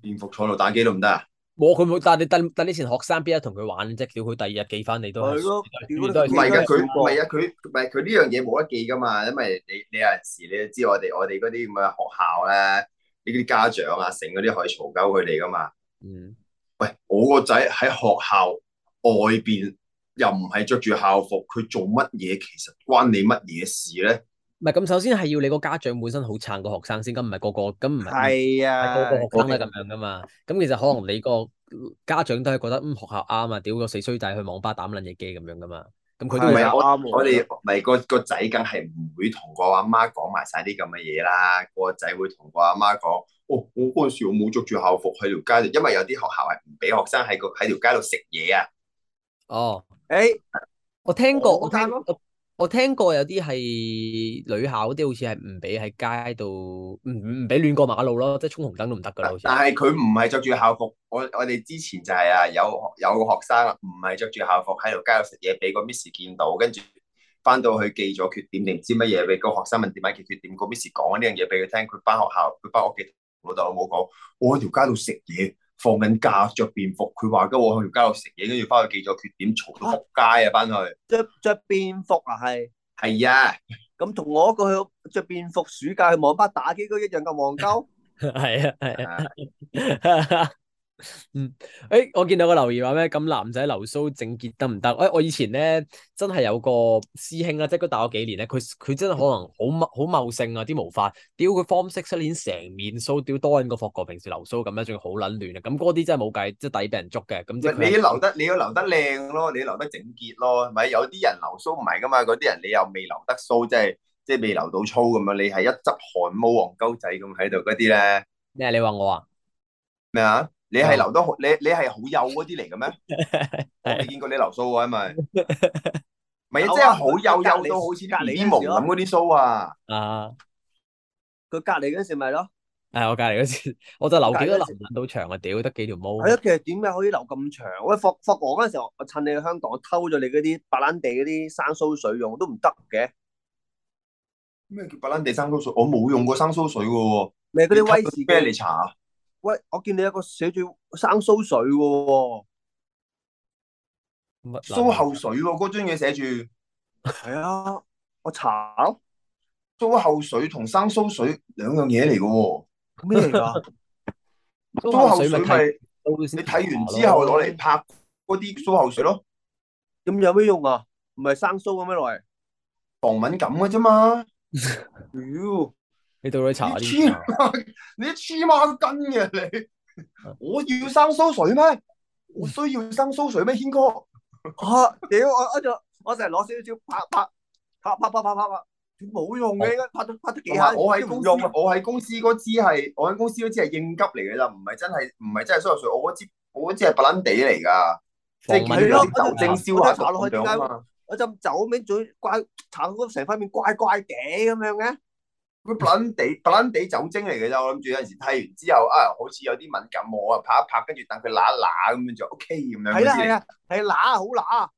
便服坐喺度打機都唔得啊！我佢冇，但你第第以前學生，邊一同佢玩即係？叫佢第二日寄翻了你都係。係咯，唔係噶，佢唔係啊，佢唔係佢呢樣嘢冇得寄噶嘛。因為你你,你有陣時你都知我哋我哋嗰啲咁嘅學校咧，你啲家長啊，成嗰啲可以嘈交佢哋噶嘛。嗯，喂，我個仔喺學校外邊又唔係着住校服，佢做乜嘢，其實關你乜嘢事咧？唔係，咁首先係要你個家長本身好撐個學生先，咁唔係個個咁唔係係啊，個個學生係咁樣噶嘛，咁其實可能你個家長都係覺得嗯，嗯學校啱啊，屌個死衰仔去網吧打撚嘢機咁樣噶嘛，咁佢唔係我、嗯、我哋咪係個個仔，梗係唔會同個阿媽講埋晒啲咁嘅嘢啦，個仔會同個阿媽講。哦，我嗰陣時我冇着住校服喺條街度，因為有啲學校係唔俾學生喺個喺條街度食嘢啊。哦，誒、欸，我聽過，我聽我聽過有啲係女校啲，好似係唔俾喺街度，唔唔俾亂過馬路咯，即係衝紅燈都唔得噶啦。但係佢唔係着住校服，我我哋之前就係啊，有有個學生唔係着住校服喺條街度食嘢，俾個 miss 見到，跟住翻到去記咗缺點定知乜嘢，俾個學生問點解嘅缺點？個 miss 講呢樣嘢俾佢聽，佢翻學校佢翻屋企。老豆，老母講，我喺條街度食嘢，放緊假，着便服。佢話：咁我喺條街度食嘢，跟住翻去記咗缺點，嘈到仆街啊！翻去着著便服啊，係係啊，咁同 [laughs] 我一個去着便服，暑假去網吧打機都一樣咁黃鳩。係 [laughs] 啊，係啊。 [laughs] 嗯，誒、欸，我見到個留言話咩？咁男仔留鬚整潔得唔得？誒、欸，我以前咧真係有個師兄啊，即係佢大我幾年咧，佢佢真係可能好好茂盛啊！啲毛髮，屌佢 Form Six 嗰年成面鬚，屌多人個霍過平時留鬚咁樣，仲要好撚亂啊！咁嗰啲真係冇計，即係抵俾人捉嘅。咁即係你留得，你要留得靚咯，你要留得整潔咯，咪有啲人留鬚唔係噶嘛？嗰啲人你又未留得鬚，即係即係未留到粗咁樣，你係一執汗毛黃鳩仔咁喺度，嗰啲咧咩？你話我啊？咩啊？你係留得好，你你係好幼嗰啲嚟嘅咩？我未見過你留鬚喎，係咪？咪，係，即係好幼幼到好似隔離毛咁啲鬚啊！啊，佢隔離嗰時咪咯？係我隔離嗰時，我就留幾多留揾到長啊！屌，得幾條毛？係啊，其實點解可以留咁長？我霍霍王嗰陣時，我趁你去香港偷咗你嗰啲白蘭地嗰啲生鬚水用，都唔得嘅。咩叫白蘭地生鬚水？我冇用過生鬚水嘅喎。你嗰啲威士啤嚟搽。喂，我見你一個寫住生蘇水嘅，哦，蘇後水嗰張嘢，寫住係啊，我查蘇後水同生蘇水兩樣嘢嚟㗎，咩嚟噶？蘇 [laughs] 後水係 [laughs] [laughs] 你睇完之後攞嚟拍嗰啲蘇後水咯。咁 [laughs] 有咩用啊？唔係生蘇嘅咩？落嚟，防敏感嘅啫嘛。哎你到底查下啲？你黐孖筋嘅你， [laughs] 我要生蘇水咩？我需要生蘇水咩？軒哥屌、啊、我一陣，我成日攞少少拍拍拍拍拍拍拍拍，冇用嘅，拍拍得幾下。哦、我喺公司支，我喺公司嗰支係，我喺公司嗰支係應急嚟嘅噶，唔係真係，唔係真係蘇水。我嗰支，我嗰支係白蘭地嚟噶，我我就即係嗰啲酒精消毒下毒咁啊。一陣酒味嘴怪，搽到成塊面怪怪地咁樣嘅。佢白蘭地白蘭地酒精嚟嘅啫，i, 我諗住有陣時剃完之後啊、哎，好似有啲敏感，我啊拍一拍，跟住等佢揦一揦咁樣就 OK 咁樣。係啦係啊，係揦好揦，好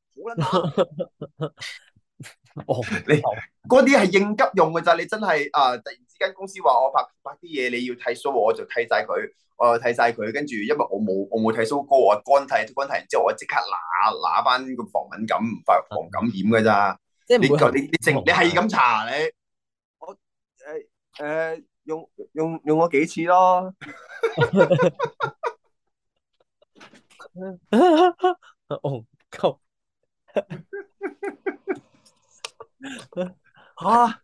揦。 [laughs] 你嗰啲係應急用嘅咋？你真係啊！突然之間公司話我拍拍啲嘢，你要剃鬚，我就剃晒佢，我就剃晒佢。跟住因為我冇我冇剃鬚膏，我乾剃乾剃完之後我即刻揦揦翻個防敏感、防感染嘅咋、嗯？即係你你正你係咁查你？你你你誒、uh，用用用過幾次咯？哦，靠！吓，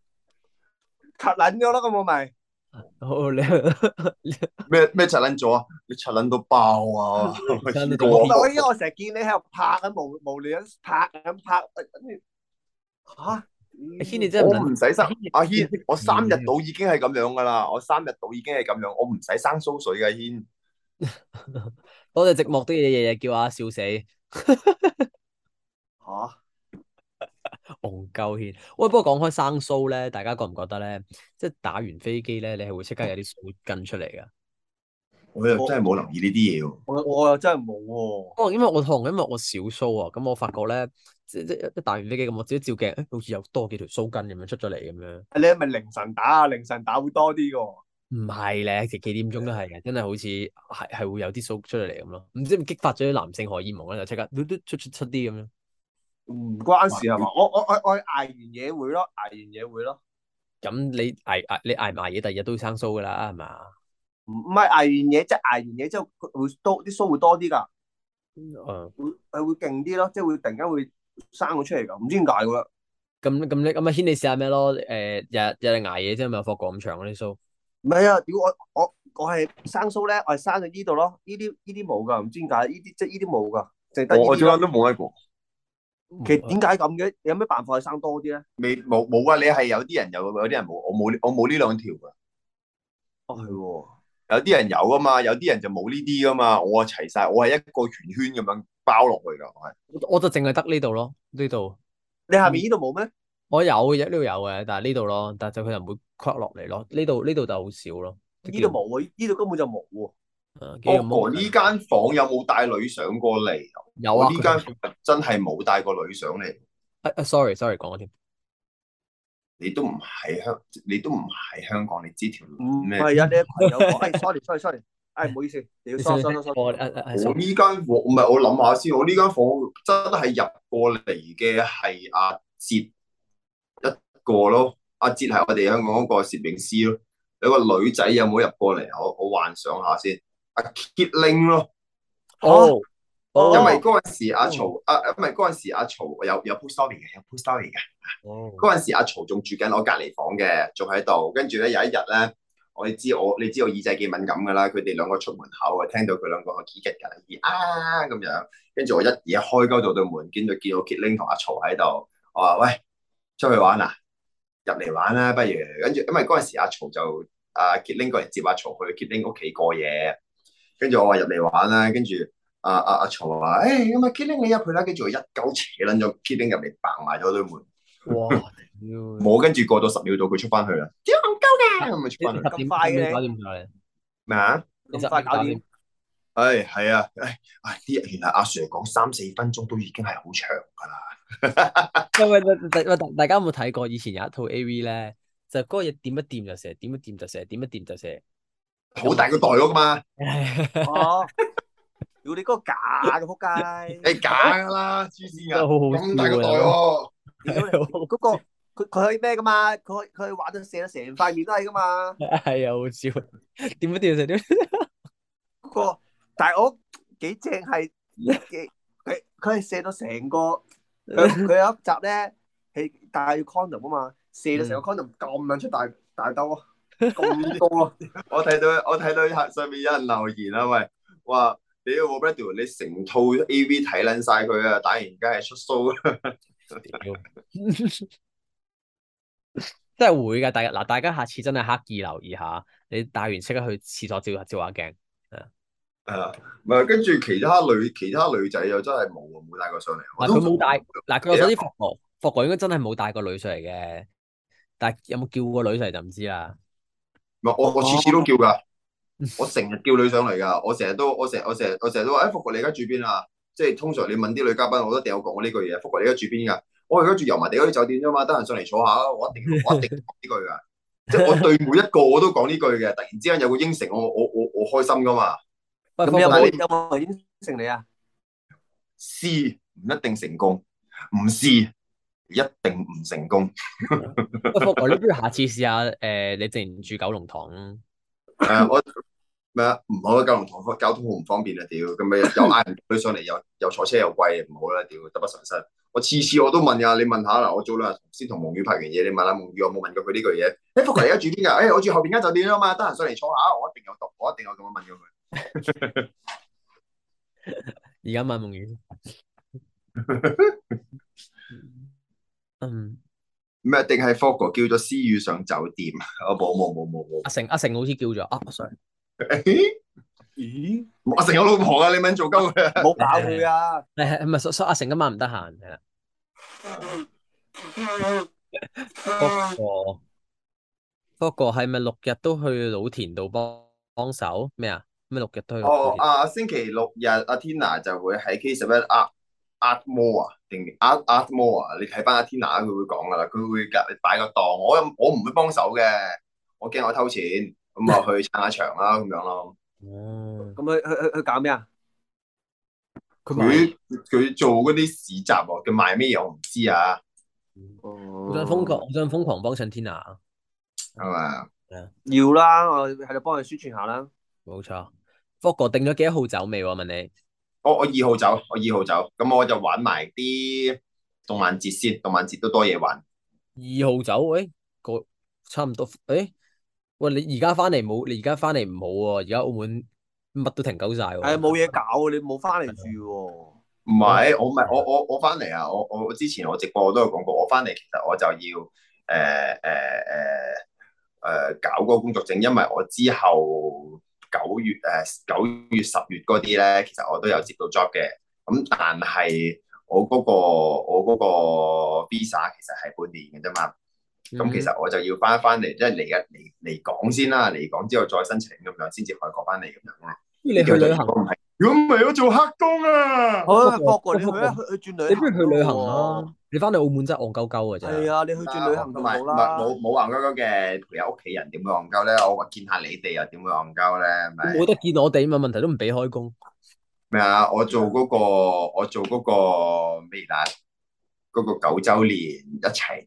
擦撚尿都咁冇味。好靚！咩咩擦撚咗啊？ [laughs] 你擦撚到爆啊！我我我成日見你喺度拍緊無無聊人，拍緊拍你。吓？阿軒你真係唔使生，阿軒我三日到已經係咁樣噶啦，我三日到已經係咁樣，我唔使生騷水嘅軒，多謝 [laughs] 寂寞啲嘢，日日叫阿笑死，吓、 [laughs] 啊，憨鳩軒，喂、哎，不過講開生騷咧，大家覺唔覺得咧？即係打完飛機咧，你係會即刻有啲騷根出嚟噶、啊？我又真係冇留意呢啲嘢喎，我我又真係冇喎，不過因為我同，因為我少騷啊，咁我發覺咧。即即一打完飛機咁，我自己照鏡，誒、哎，好似有多幾條鬚根咁樣出咗嚟。咁樣你係咪凌晨打啊？凌晨打會多啲嘅。唔係咧，幾幾點鐘都係嘅，真係好似係係會有啲鬚出咗嚟咁咯。唔知咪激發咗啲男性荷爾蒙咧，就即刻都都出出出啲咁樣。唔關事係嘛哇？我我我我捱完嘢會咯，捱完嘢會咯。咁你捱捱你捱埋嘢，第二日都會生鬚噶啦，係嘛？唔唔係捱完嘢，即係捱完嘢之後，佢會多啲鬚會多啲噶。嗯。會會勁啲咯，即係會突然間會，會。生咗出嚟噶唔知點解嘅。咁咁你咁、呃、啊，軒你試下咩咯？誒，日日嚟挨夜啫嘛，霍過咁長嗰啲鬚。唔係啊，屌我我我係生鬚咧，我係生喺呢度咯，呢啲呢啲冇噶，唔知點解呢啲即係呢啲冇噶，淨得。我我條眼都冇喺個。嗯、其實點解咁嘅？嗯、有咩辦法去生多啲咧？未冇冇啊！你係有啲人有，有啲人冇。我冇我冇呢兩條噶。哦，係、哦。有啲人有啊嘛，有啲人就冇呢啲噶嘛。我啊齊晒，我係一個圓圈咁樣。包落去噶，我我就淨係得呢度咯，呢度。你下面呢度冇咩？我有，嘅，呢度有嘅，但係呢度咯，但係就佢唔會 cut 落嚟咯。呢度呢度就好少咯。呢度冇啊，呢度根本就冇喎。阿呢間房有冇帶女上過嚟？有啊，呢間真係冇帶個女上嚟。 [laughs] 啊，sorry，sorry，講咗添。你都唔係香，你都唔係香港，你知條路咩？係啊，你朋友講，哎，sorry，sorry，sorry。誒，唔好意思，你要收收收。收收我呢間房，唔係，我諗下先。我呢間房真係入過嚟嘅係阿哲一個咯，阿哲係我哋香港嗰個攝影師咯。有個女仔有冇入過嚟？我我幻想下先。阿杰 ling 咯，哦，哦，因為嗰陣時阿曹，啊唔係嗰陣時阿曹有有 post story 嘅，有 post story 嘅。哦，嗰陣時阿曹仲住緊我隔籬房嘅，仲喺度。跟住咧，有一日咧。我哋知道我你知道我耳仔幾敏感噶啦，佢哋兩個出門口啊，聽到佢兩個嘅嘰嘰噶啦，啊咁樣，跟住我一嘢開度到對門，見到見到杰玲同阿曹喺度，我話喂出去玩啊，入嚟玩啦，不如跟住，因為嗰陣時阿曹就阿杰玲過嚟接阿曹去杰玲屋企過夜，跟住我話入嚟玩啦，跟住阿阿阿曹話誒，咁、欸、啊杰玲你入去啦，跟住我一鳩斜捻咗杰玲入嚟，白埋咗對門，冇跟住過到十秒度，佢出翻去啦。呢你點咁快嘅咧？咩啊？麼你就快搞掂、哎？哎，係、哎、啊，哎哎，啲原來阿、啊、Sir 講三四分鐘都已經係好長噶啦。因喂喂，喂大家有冇睇過以前有一套 A.V 咧？就嗰個嘢點一掂就成日，點一掂就成日，點一掂就成日，好大個袋啊嘛。屌、 [laughs] 哦、你嗰個假嘅仆街！你、 [laughs] 欸、假噶啦，黐線嘅。咁大個袋喎，嗰個。 [laughs] 佢佢可以咩噶嘛？佢可以佢可以玩到射到成塊面都係噶嘛係啊， [laughs] 好知點都點成點。不但係我幾正係幾佢佢係射到成個。佢 [laughs] 有一集咧，係大 condom 噶嘛？射到成個 condom 咁靚出大大兜 [laughs] 啊，咁高啊，我睇到我睇到喺上面有人留言啊，喂，話屌，我 Brendo，你成套 A.V. 睇捻晒佢啊，打完家係出 [laughs] show [laughs] 即係會噶，大家嗱，大家下次真係刻意留意下，你帶完即刻去廁所照下照下鏡，係啊，係啊，唔係跟住其他女其他女仔又真係冇啊，冇帶過上嚟。佢冇帶，嗱，佢有啲服卧伏卧應該真係冇帶過女上嚟嘅，但係有冇叫過女上嚟就唔知啦。唔係我我次次都叫噶，啊，我成日叫女上嚟噶，我成日都我成我成日我成日都話，哎，伏卧你而家住邊啊？即係通常，常你問啲女嘉賓，我都定有講過呢句嘢，伏卧你而家住邊噶？我而家住油麻地嗰啲酒店啫嘛，得閒上嚟坐下咯，我一定我一定講呢句㗎， [laughs] 即係我對每一個我都講呢句嘅。突然之間有個應承我，我我我開心㗎嘛。喂，咁我 [laughs] 有冇有冇應承你啊？試唔一定成功，唔試一定唔成功。咁 [laughs] 不如下次試下誒、呃，你之前住九龍塘啦。誒我。咩啊？唔好啊！九龍塘交通好唔方便啊！屌，咁咪又嗌人去上嚟，又又坐車又貴，唔好啦！屌，得不償失。我次次我都問呀、啊，你問下啦。我早兩日先同夢宇拍完嘢，你問下夢宇有冇問過佢呢句嘢？誒、欸，福哥而家住邊噶？誒、欸，我住後邊間酒店啊嘛，得閒上嚟坐下。我一定有讀，我一定有咁樣問咗佢。而家 [laughs] 問夢宇咩？定 [laughs] 係福哥叫做思雨上酒店？我冇冇冇冇冇。阿成阿成，好似叫咗啊 Sir 咦咦，阿成有老婆啊？你咪做鳩佢啊？冇搞佢啊！係係咪叔叔，阿成今晚唔得閒，係啦。不過不過係咪六日都去老田度幫幫手？咩啊？咩六日都？哦啊，星期六日阿 Tina 就會喺 K 十一 Art Mall 啊，定 Art Mall 啊？你睇翻，阿 Tina 佢會講噶啦，佢會隔擺個檔，我我唔會幫手嘅，我驚我偷錢。咁啊，去撐下場啦，咁樣咯。哦。咁佢佢佢佢搞咩啊？佢佢做嗰啲市集喎，佢賣咩嘢我唔知啊。哦。好想瘋狂，好想瘋狂幫襯天啊。係嘛？要啦，我喺度幫佢宣傳下啦。冇錯。福哥定咗幾多號走未？我問你。我我二號走，我二號走，咁我就玩埋啲動漫節先，動漫節都多嘢玩。二號走，誒、欸，個差唔多，誒、欸。喂，你而家翻嚟冇？你而家翻嚟唔好喎，而家澳門乜都停鳩晒喎。係啊，冇嘢搞，你冇翻嚟住喎。唔係，我唔係，我我我翻嚟啊！我我，我之前我直播我都有講過，我翻嚟其實我就要誒誒誒誒搞嗰個工作證，因為我之後九月誒九月十月嗰啲咧，其實我都有接到 job 嘅。咁但係我嗰個我嗰個 visa 其實係半年嘅啫嘛。咁其實我就要翻一翻嚟，即係嚟一嚟嚟講先啦，嚟講之後再申請咁樣，先至開過翻嚟咁樣咯。如果唔係，如果唔係，我做黑工啊！去僕個你去去去轉旅行，你不如去旅行啦！你翻嚟澳門真係戇鳩鳩嘅啫。係啊，你去轉旅行好啦，冇冇戇鳩鳩嘅，陪下屋企人點會戇鳩咧？我話見下你哋又點會戇鳩咧？冇得見我哋嘛？問題都唔俾開工。咩啊？我做嗰個，我做嗰個咩啦？嗰個九週年一齊。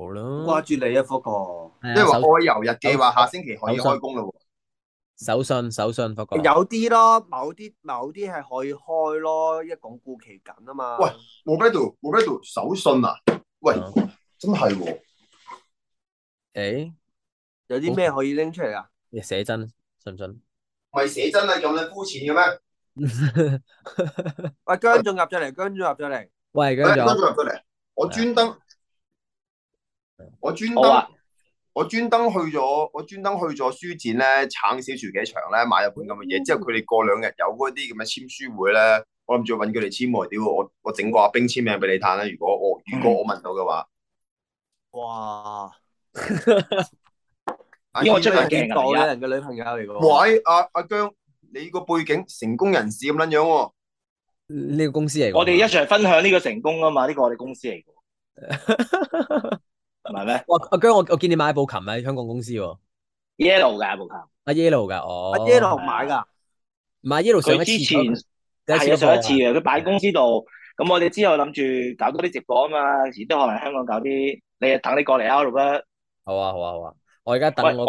好掛住你一、啊、福哥。即係話開遊日計劃信下星期可以開工咯喎。手信手信福哥。有啲咯，某啲某啲係可以開咯，一講顧期緊啊嘛。喂，莫比杜莫比杜手信啊！喂，真係喎、哦。誒、欸，有啲咩可以拎出嚟啊？寫、嗯、真信唔信？唔係寫真啊，咁你膚淺嘅咩？喂，姜總入咗嚟，姜總入咗嚟。喂，姜總。姜總入咗嚟。我專登。我專登、啊，我專登去咗，我專登去咗書展咧，橙小廚幾場咧，買一本咁嘅嘢。之後佢哋過兩日有嗰啲咁嘅簽書會咧，我諗住揾佢哋簽埋。屌我，我整過阿兵簽名俾你睇啦。如果我如果我問到嘅話、嗯，哇！我最近見到呢人嘅女朋友嚟嘅。喂、啊，阿、啊、阿姜，你個背景成功人士咁撚樣，呢個公司嚟。我哋一齊分享呢個成功啊嘛！呢、這個我哋公司嚟。 [laughs] 唔係咩？阿阿、啊、姜，我我見你買一部琴喺香港公司喎，yellow 嘅部琴，阿、ah, yellow 嘅，哦，阿 yellow 買噶，唔係 yellow 上之前上一次啊，佢擺喺公司度，咁我哋之後諗住搞多啲直播啊嘛，有時都可能香港搞啲，你等你過嚟啊，老啦。好啊好啊好啊，我而家等我，喂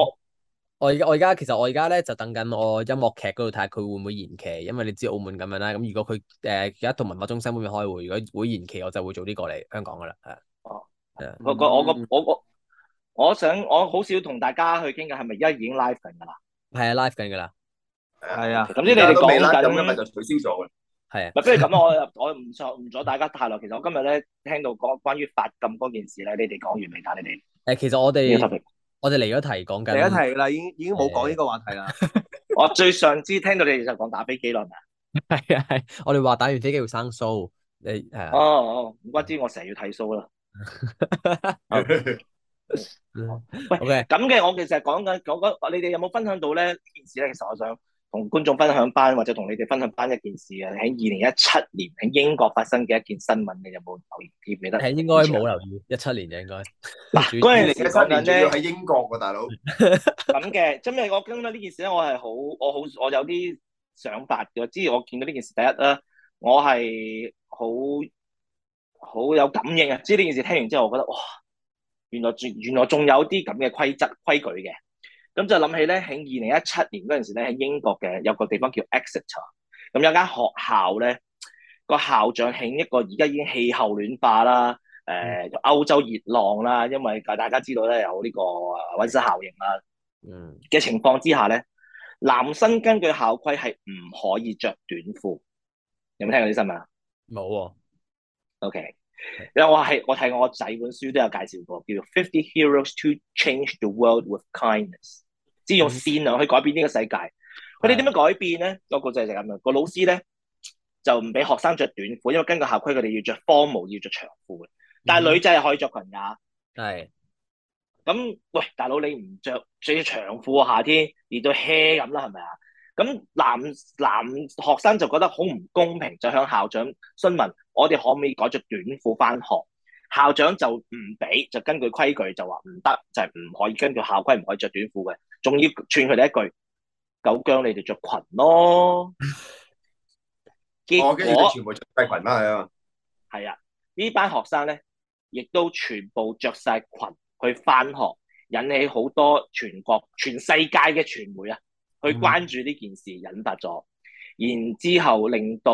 我而我而家其實我而家咧就等緊我音樂劇嗰度睇下佢會唔會延期，因為你知澳門咁樣啦，咁如果佢誒有一棟文化中心嗰邊開會，如果會延期，我就會早啲過嚟香港噶啦。個、嗯、我個我我我想我好少同大家去傾偈係咪而家已經 live 緊噶啦？係啊，live 緊噶啦，係啊。總之你哋講緊咁，咪就取消咗嘅。係。啊。係，跟住咁，我我唔阻唔阻大家太耐。其實我今日咧聽到講關於法禁嗰件事咧，你哋講完未？打你哋。誒，其實我哋我哋離咗題講緊。離咗題啦，已已經冇講呢個話題啦。啊、 [laughs] 我最上次聽到你哋就講打飛機咯，係咪？ [laughs] 啊係，我哋話打完飛機要生須，你係啊。哦哦，唔怪之我成日要剃須啦。 [laughs] Okay. 喂，咁嘅 Okay. 我其實講緊講，你哋有冇分享到咧？呢件事咧，其實我想同觀眾分享班，或者同你哋分享翻一,一件事啊。喺二零一七年喺英國發生嘅一件新聞，你有冇留意？記唔記得？係應該冇留意，一七 [laughs] 年嘅應該嗱。嗰一年嘅新聞咧喺英國噶，大佬咁嘅。今日 [laughs] 我見到呢件事咧，我係好，我好，我有啲想法。因為之前我見到呢件事，第一啦，我係好。好有感應啊！即係呢件事聽完之後，我覺得哇，原來原原來仲有啲咁嘅規則規矩嘅。咁就諗起咧，喺二零一七年嗰陣時咧，喺英國嘅有個地方叫 Exeter，咁有間學校咧，個校長喺一個而家已經氣候暖化啦，誒、呃、歐洲熱浪啦，因為大家知道咧有呢個温室效應啦，嗯嘅情況之下咧，嗯、男生根據校規係唔可以着短褲。有冇聽過啲新聞啊？冇喎。OK，然後、嗯、我係我睇我仔本書都有介紹過，叫做《Fifty Heroes to Change the World with Kindness》，即係用善良去改變呢個世界。佢哋點樣改變咧？嗰、嗰個就係咁啦。嗰個老師咧就唔俾學生着短褲，因為根據校規，佢哋要着 Formal，要著長褲。但係女仔係可以着裙嘅。係的。咁喂，大佬你唔着着要長褲、啊、夏天熱到 heat 咁啦，係咪啊？咁男男學生就覺得好唔公平，就向校長詢問：我哋可唔可以改着短褲翻學？校長就唔俾，就根據規矩就話唔得，就係唔可以根據校規唔可以着短褲嘅，仲要串佢哋一句：夠薑，你哋着裙咯。我跟住全部着曬裙啦，係啊。係啊，呢班學生咧，亦都全部着晒裙去翻學，引起好多全國、全世界嘅傳媒啊。去關注呢件事，引發咗，然之後令到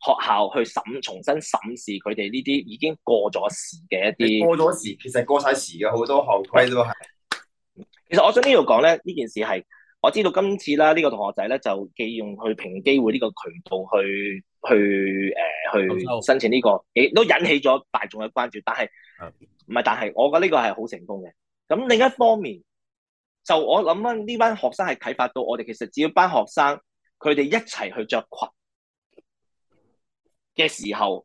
學校去審重新審視佢哋呢啲已經過咗時嘅一啲過咗時，其實過晒時嘅好多校規都係。其實我想呢度講咧，呢件事係我知道今次啦，呢、呢個同學仔咧就既用去平機會呢個渠道去去誒去、呃、去申請呢、呢個，亦都引起咗大眾嘅關注。但係唔係？但係我覺得呢個係好成功嘅。咁另一方面。就我諗翻呢班學生係啟發到我哋，其實只要班學生佢哋一齊去着裙嘅時候，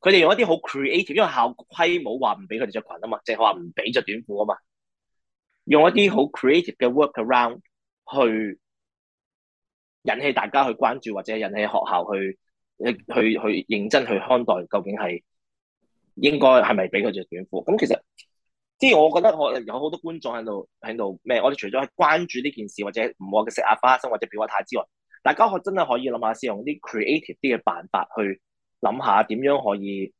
佢哋用一啲好 creative，因為校規冇話唔俾佢哋着裙啊嘛，淨係話唔俾着短褲啊嘛，用一啲好 creative 嘅 workaround 去引起大家去關注，或者引起學校去去去認真去看待究竟係應該係咪俾佢着短褲？咁其實。即係我覺得我有好多觀眾喺度喺度咩，我哋除咗係關注呢件事，或者唔好嘅食下花生，或者表下態之外，大家可真係可以諗下試，用啲 creative 啲嘅辦法去諗下點樣可以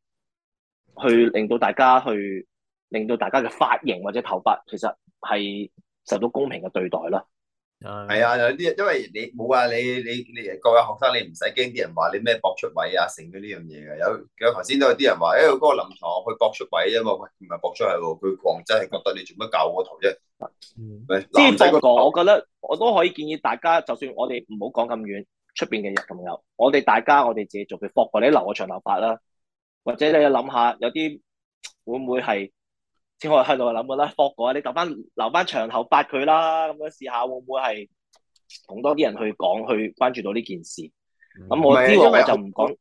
去令到大家去令到大家嘅髮型或者頭髮其實係受到公平嘅對待啦。係啊，有啲，因為你冇啊，你你你各位學生，你唔使驚啲人話你咩搏出位啊，成咗呢樣嘢噶。有有頭先都有啲人話，哎呀，嗰個林廠去搏出位，吖嘛，喂唔係搏出嚟喎，佢狂真係覺得你做乜教我頭啫。嗯，男仔，我覺得我都可以建議大家，就算我哋唔好講咁遠，出邊嘅亦咁有，我哋大家我哋自己做，佢如發過你留個長頭髮啦，或者你諗下有啲會唔會係？先我喺度諗嘅啦，博哥，你留翻留翻長頭髮佢啦，咁樣試下會唔會係同多啲人去講，去關注到呢件事？咁、嗯、我知我是就唔講。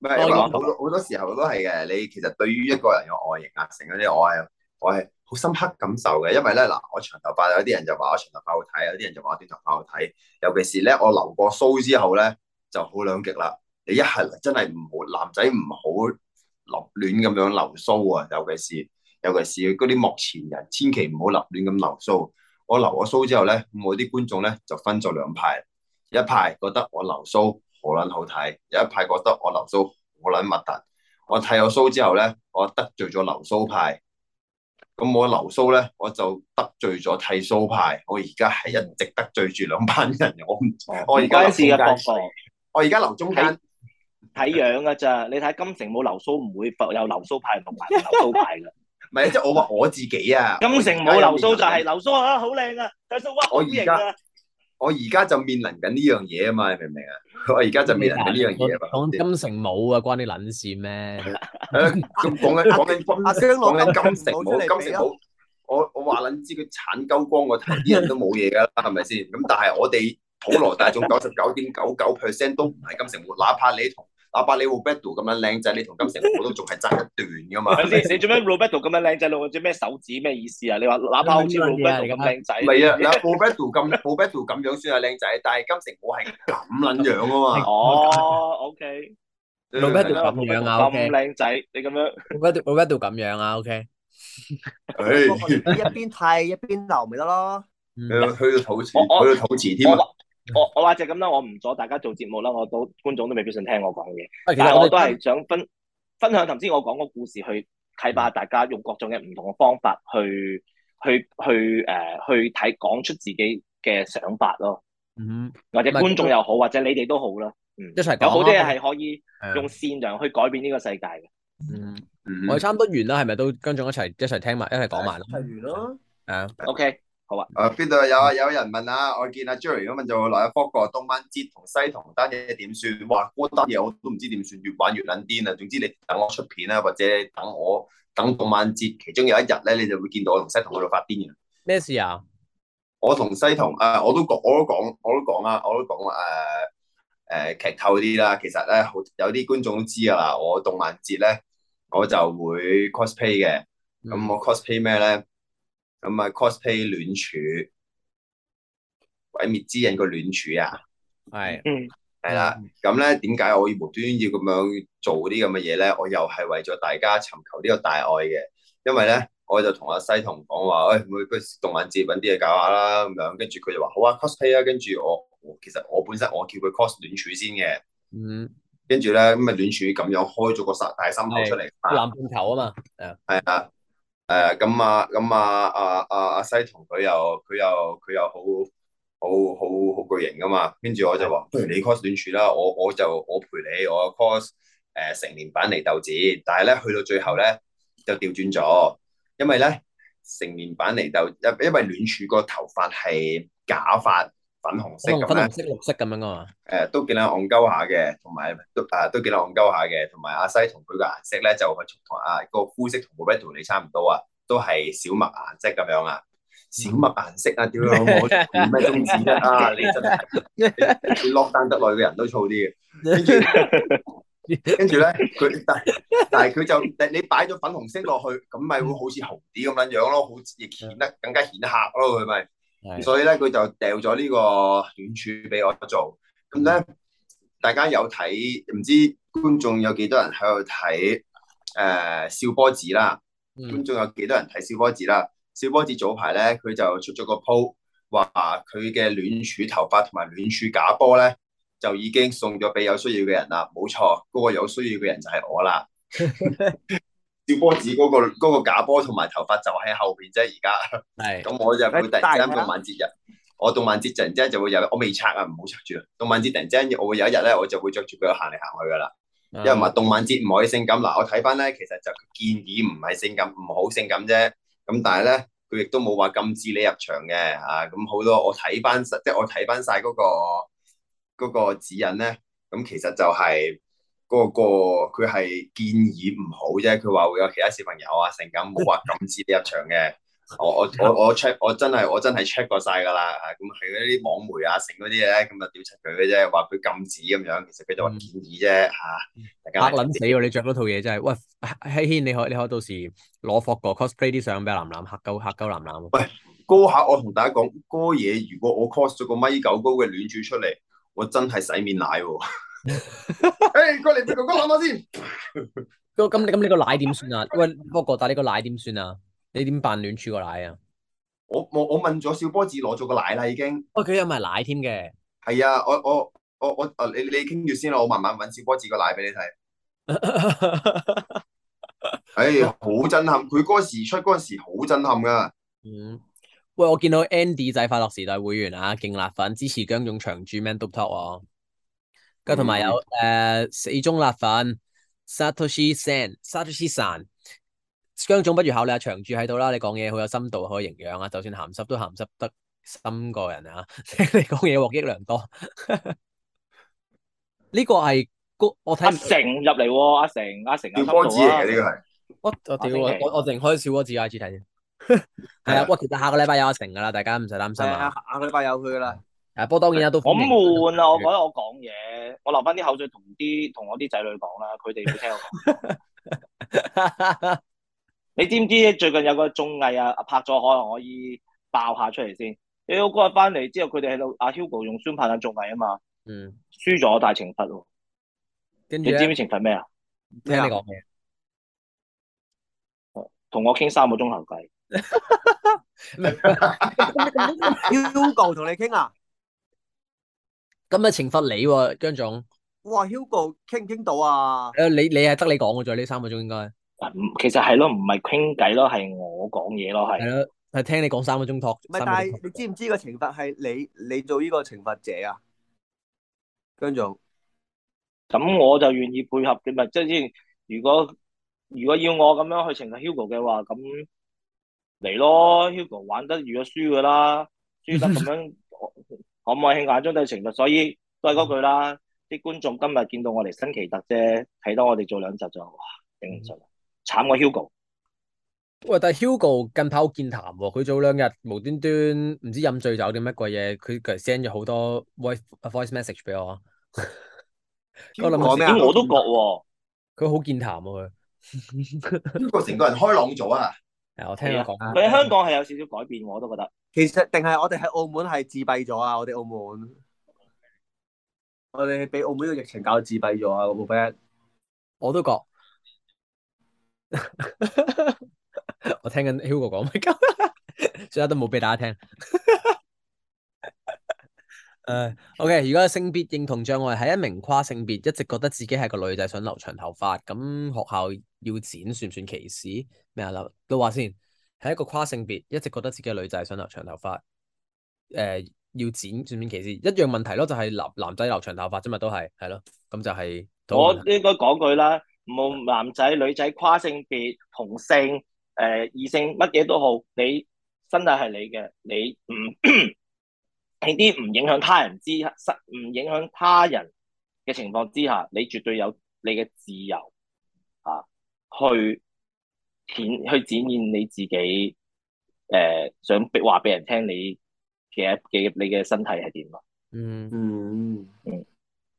唔係好多好多時候都係嘅，你其實對於一個人嘅外形啊，成嗰啲我係我係好深刻感受嘅，因為咧嗱，我長頭髮有啲人就話我長頭髮好睇，有啲人就話我短頭髮好睇，尤其是咧我留過鬚之後咧就好兩極啦。你一係真係唔好男仔唔好。立亂咁樣留鬚啊，尤其是尤其是嗰啲幕前人，千祈唔好立亂咁留鬚。我留咗鬚之後咧，我啲觀眾咧就分咗兩派，一派覺得我留鬚好撚好睇，有一派覺得我留鬚好撚核突。我剃咗鬚之後咧，我得罪咗留鬚派，咁我留鬚咧我就得罪咗剃鬚派，我而家係一直得罪住兩班人。我唔錯，我而家試嘅博博，我而家留中間。睇樣㗎咋？你睇金城武流蘇，唔會有流蘇牌，同埋流蘇牌啦。唔係即係我話我自己啊，金城武流蘇就係流蘇啊，好靚啊，流蘇哇，好型啊！我而家就面臨緊呢樣嘢啊嘛，你明唔明啊？我而家就面臨緊呢樣嘢啊！講金城武啊，關你撚事咩？咁講緊講緊金城武，講金城武金城武。我我話撚知佢鏟鳩光我睇啲人都冇嘢㗎啦，係咪先？咁但係我哋普羅大眾九十九點九九 percent 都唔係金城武，哪怕你同阿伯你 Roberto 咁樣靚仔，你同、嗯、 [laughs] 金城我都仲係爭一段噶嘛？你做咩 Roberto 咁樣靚仔咯？做咩手指咩意思啊？Okay、你話哪怕好似 Roberto 咁靚仔，唔係啊？嗱，Roberto 咁 Roberto 咁樣算係靚仔，但係金城我係咁撚樣啊嘛。哦，OK，Roberto 咁樣啊咁 k 靚仔，你咁樣，Roberto 咁樣啊，OK。誒，一邊剃一邊留咪得咯。去到肚臍，去到肚臍添 [laughs] 這種我我話就咁啦，我唔阻大家做節目啦，我都觀眾都未必想聽我講嘢，其實但係我都係想分、嗯、分享。頭先我講個故事，去啟發大家用各種嘅唔同嘅方法去、嗯、去去誒，去睇講、呃、出自己嘅想法咯。嗯，或者觀眾又好，或者你哋都好啦，嗯，一齊、嗯、有好多嘢係可以用善良去改變呢個世界嘅。嗯，嗯我哋差唔多完啦，係咪都跟眾一齊一齊聽埋一齊講埋咯？係完啦，OK 好啊！誒，邊度有啊？有人問啊，我見阿、啊、Jerry 咁問就來阿 Fog 個動漫節同西童單嘢點算？哇，嗰單嘢我都唔知點算，越玩越捻癲啊！總之你等我出片啊，或者等我等動漫節其中有一日咧，你就會見到我同西童喺度發癲嘅咩事啊？我同西童啊，我都講，我都講，我都講啦、啊，我都講誒誒劇透啲啦。其實咧，有啲觀眾都知啊。我動漫節咧，我就會 cosplay 嘅。咁、嗯、我 cosplay 咩咧？咁啊，cosplay 戀柱，鬼滅之刃個戀柱啊，係，嗯，係啦。咁咧，點解我要無端要咁樣做啲咁嘅嘢咧？我又係為咗大家尋求呢個大愛嘅。因為咧，我就同阿西同講話，喂、哎，每個動漫節揾啲嘢搞下啦，咁樣。跟住佢就話好啊，cosplay 啊。跟住我，其實我本身我叫佢 cos 戀柱先嘅，嗯。跟住咧，咁啊戀柱咁樣開咗個大心口出嚟，藍罐頭啊嘛，係、哎、啊。誒，咁、呃呃呃呃呃呃、啊，咁啊，阿阿阿西同佢又，佢又佢又好好好好巨型噶嘛，跟住我就話對，你 cos 暖柱啦，我我就我陪你，我 cos 誒成年版嚟斗子，但係咧去到最後咧就調轉咗，因為咧成年版嚟斗，因因為暖柱個頭髮係假髮。粉紅色，粉紅色、綠色咁樣噶誒、呃，都幾靚戇鳩下嘅，同埋都誒都幾靚戇鳩下嘅，同埋阿西同佢個顏色咧就同阿個膚色同冇乜同你差唔多啊，都係、啊、小麥顏色咁樣啊，小麥顏色啊點樣？咩宗旨啊？你真係落蛋得耐嘅人都燥啲嘅，跟住跟住咧佢但但係佢就你擺咗粉紅色落去，咁咪會好似紅啲咁樣樣咯，好似亦顯得更加顯黑咯，佢咪。所以咧，佢就掉咗呢個戀柱俾我做。咁咧，大家有睇唔知觀眾有幾多人喺度睇誒笑波子啦？觀眾有幾多人睇笑波子啦？嗯、笑波子早排咧，佢就出咗個 po，話佢嘅戀柱頭髮同埋戀柱假波咧，就已經送咗俾有需要嘅人啦。冇錯，嗰、嗰個有需要嘅人就係我啦。 [laughs] 跳波子嗰、嗰個嗰個假波同埋頭髮就喺後邊啫，而家係咁我就會突然間個動漫節日，是我動漫節突然之間就會有，我未拆啊，唔好拆住啊！動漫節突然之間，我會有一日咧，我就會着住佢行嚟行去噶啦。嗯、因為嘛，動漫節唔可以性感，嗱我睇翻咧，其實就建議唔係性感，唔好性感啫。咁但係咧，佢亦都冇話禁止你入場嘅嚇。咁、啊、好多我睇翻即係我睇翻晒嗰個指引咧，咁其實就係、是。嗰、那個佢係建議唔好啫，佢話會有其他小朋友啊，成咁冇話禁止你入場嘅。 [laughs] 我我我我 check，我真係我真係 check 過晒㗎啦。咁係嗰啲網媒啊成嗰啲咧，咁就屌柒佢嘅啫，話佢禁止咁樣。其實佢就話建議啫嚇。嚇、啊、撚死喎！你着嗰套嘢真係。就是、 [laughs] 喂，希軒，你可你可到時攞霍哥 cosplay 啲相俾楠楠，嚇鳩嚇鳩楠楠。喂，哥嚇！我同大家講，哥嘢如果我 cos 咗個米九高嘅戀主出嚟，我真係洗面奶喎、啊。 [laughs] 誒、 [laughs] 欸，過嚟俾哥哥諗下先。咁 [laughs] 咁、啊、你咁個奶點算啊？喂，不過但係你個奶點算啊？你點扮暖處個奶啊？我我我問咗小波子攞咗個奶啦，已經。哦，佢有埋奶添嘅。係啊，我我我我你你傾住先啦，我慢慢搵小波子個奶俾你睇。誒、 [laughs] 欸，好震撼！佢嗰時出嗰時好震撼噶。嗯。喂，我見到 Andy 仔快樂時代會員啊，勁辣粉支持姜總長住 Man Top 哦。咁同埋有誒、呃、四中辣粉，沙土士散，沙土士散。姜總不如考慮下長住喺度啦。你講嘢好有深度，好有營養啊！就算鹹濕都鹹濕得心過人啊！你講嘢獲益良多。呢 [laughs] [laughs] 個係我睇阿成入嚟喎，阿成阿成。小波子嚟嘅呢個係，我我屌我我開小波子嘅 I G 睇先。係 [laughs] 啊，我其實下個禮拜有阿成噶啦，大家唔使擔心。係啊，下個禮拜有佢噶啦。Yeah. [laughs] 啊！不過當然啦，都我悶啊，我覺得我講嘢，我留翻啲口水同啲同我啲仔女講啦，佢哋要聽我。你知唔知最近有個綜藝啊拍咗，可能可以爆下出嚟先。h u 日 o 翻嚟之後，佢哋喺度，阿 Hugo 用宣棒嘅綜藝啊嘛。嗯、mm.，輸咗大懲罰咯。跟住你知唔知懲罰咩啊？聽你講。同我傾三個鐘頭計。Hugo 同你傾啊？咁咪懲罰你喎、啊，姜總。哇，Hugo 傾唔傾到啊！誒、啊，你你係得你講嘅啫，呢三個鐘應該。其實係咯，唔係傾偈咯，係我講嘢咯，係。係咯，係聽你講三個鐘 talk。唔係是，但係你知唔知個懲罰係你你做呢個懲罰者啊，姜總。咁我就願意配合，你咪即係先。如果如果要我咁樣去懲罰 Hugo 嘅話，咁嚟咯，Hugo 玩得如果輸嘅啦，輸得咁樣。 [laughs] 可唔可以眼中睇程度。所以都係嗰句啦。啲觀眾今日見到我哋新奇特啫，睇到我哋做兩集就哇頂唔順啦！慘過 Hugo。喂，但係 Hugo 近排好健談喎，佢早兩日無端端唔知飲醉酒定乜鬼嘢，佢佢 send 咗好多 voice message 俾我。我諗講咩，我都覺喎，佢好健談喎佢。Hugo 成個人開朗咗啊！我聽你講，喺香港係有少少改變喎，我都覺得。其實定係我哋喺澳門係自閉咗啊！我哋澳門，我哋俾澳門嘅疫情搞到自閉咗啊！我 f r i 我 [laughs] 都覺，我聽緊 Hugo 講乜，所以都冇畀大家聽。誒、 [laughs] uh,，OK，如果性別認同障礙係一名跨性別，一直覺得自己係個女仔，想留長頭髮，咁學校要剪算唔算歧視？咩啊？留？都話先。係一個跨性別，一直覺得自己女仔想留長頭髮，誒、呃，要剪算唔算歧視，一樣問題咯，就係、是、男男仔留長頭髮啫嘛，都係係咯，咁就係、是。我應該講句啦，冇男仔、女仔跨性別、同性、誒、呃、異性乜嘢都好，你身體係你嘅，你唔喺啲唔影響他人之，唔影響他人嘅情況之下，你絕對有你嘅自由啊，去。顯去展現你自己，誒、呃，想話俾人聽你其實嘅你嘅身體係點咯。嗯嗯嗯。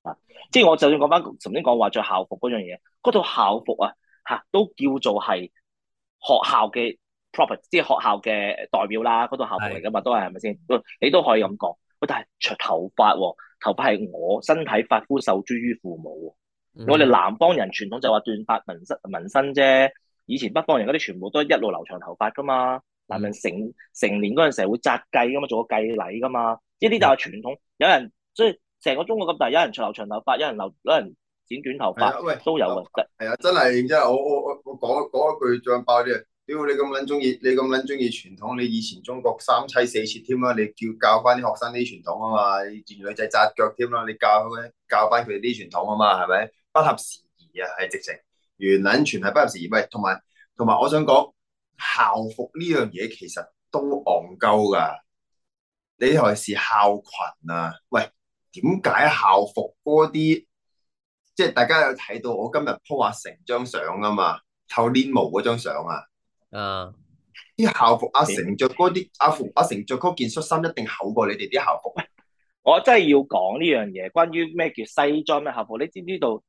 啊，即係我就算講翻，頭先講話着校服嗰樣嘢，嗰套校服啊，吓、啊、都叫做係學校嘅 property 即係學校嘅代表啦，嗰套校服嚟噶嘛，是都係係咪先？你都可以咁講，但係長頭髮、啊，頭髮係我身體髮膚受諸於父母，嗯、我哋南方人傳統就話斷髮紋身紋身啫。以前北方人嗰啲全部都一路留長頭髮噶嘛，男人成成年嗰陣時候會紮髻噶嘛，做個髻禮噶嘛，呢啲就係傳統。有人即係成個中國咁大，有人留長頭髮，有人留，有人剪短頭髮，都有嘅。係啊，真係真係我我我講講一句醬爆，啲屌你咁撚中意，你咁撚中意傳統，你以前中國三妻四妾添啦，你叫教翻啲學生啲傳統啊嘛，連女仔紮腳添啦，你教佢教翻佢啲傳統啊嘛，係咪？不合時宜啊，係直情。原諒全係不合時宜，喂，同埋同埋，我想講校服呢樣嘢其實都戇鳩㗎。你係是校裙啊？喂，點解校服嗰啲即係大家有睇到我今日 po 阿成張相啊嘛？透黏毛嗰張相啊，啲、uh, 校服阿、啊、成着嗰啲阿阿成着嗰件恤衫一定厚過你哋啲校服。我真係要講呢樣嘢，關於咩叫西裝咩校服，你知唔知道？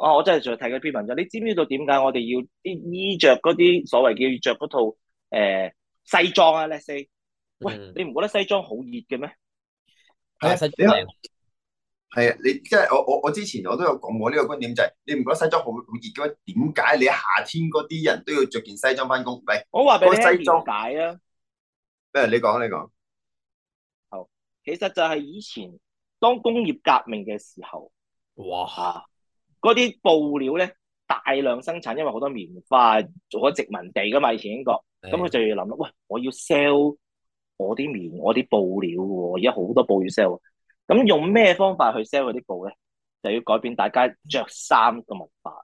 哦，我真係仲睇過篇文章。你知唔知道點解我哋要啲衣着嗰啲所謂叫著嗰套誒、呃、西裝啊？Let's say， [noise] 喂，你唔覺得西裝好熱嘅咩？係啊，西 [noise] 啊，你即係、 [noise] 啊啊啊、我我我之前我都有講過呢個觀點，就係、是、你唔覺得西裝好好熱嘅咩？點解你夏天嗰啲人都要着件西裝返工？唔我話俾你知點解啊？咩？你講，你講。好，其實就係以前當工業革命嘅時候。哇！嗰啲布料咧大量生產，因為好多棉花做咗殖民地噶嘛以前英國，咁佢的就要諗咯，喂，我要 sell 我啲棉，我啲布料喎，而家好多布要 sell，咁用咩方法去 sell 嗰啲布咧？就要改變大家着衫嘅文化。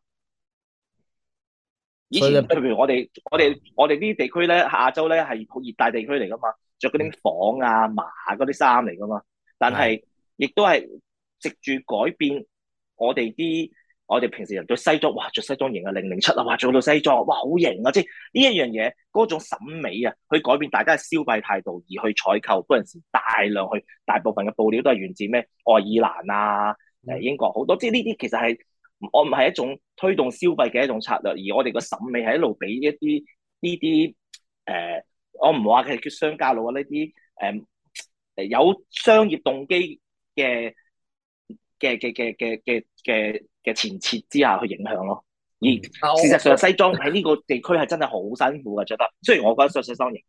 以前譬以如我哋，我哋，我哋呢啲地區咧亞洲咧係好熱帶地區嚟噶嘛，着嗰啲紡啊麻嗰啲衫嚟噶嘛，但係亦都係藉住改變我哋啲。我哋平時人對西裝，哇！着西裝型啊，零零七啊，哇！著到西裝，哇！好型啊！即係呢一樣嘢，嗰種審美啊，去改變大家嘅消費態度，而去採購嗰陣時，大量去大部分嘅布料都係源自咩？愛爾蘭啊，誒英國好多，即係呢啲其實係我唔係一種推動消費嘅一種策略，而我哋嘅審美係一路俾一啲呢啲誒，我唔話佢叫商家佬呢啲誒誒有商業動機嘅。嘅嘅嘅嘅嘅嘅嘅前設之下去影響咯，而事實上西裝喺呢個地區係真係好辛苦嘅著得。雖然我覺得著西裝型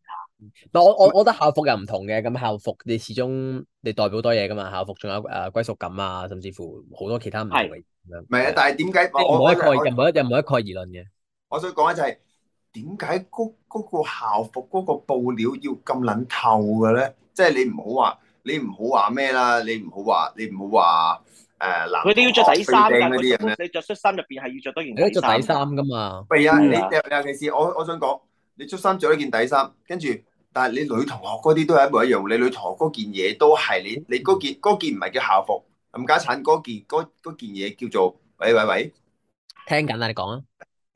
啲，我我我覺得校服又唔同嘅。咁校服你始終你代表多嘢噶嘛？校服仲有誒歸屬感啊，甚至乎好多其他唔同嘅啊，是是但係點解我唔好一概，又唔好又唔好一概而論嘅？我想講就係點解嗰個校服嗰個布料要咁撚透嘅咧？即係你唔好話。你唔好話咩啦，你唔好話，你唔好話，誒、呃、男。佢哋要着底衫㗎，啲你着恤衫入邊係要着多件底衫。一件底衫㗎嘛。不如啊，嗯、你特別尤其是我，我想講，你恤衫着一件底衫，跟住，但係你女同學嗰啲都係一模一樣，你女同學嗰件嘢都係你，你嗰件件唔係叫校服，冚家鏟嗰件件嘢叫做，喂喂喂，聽緊啊，你講啊。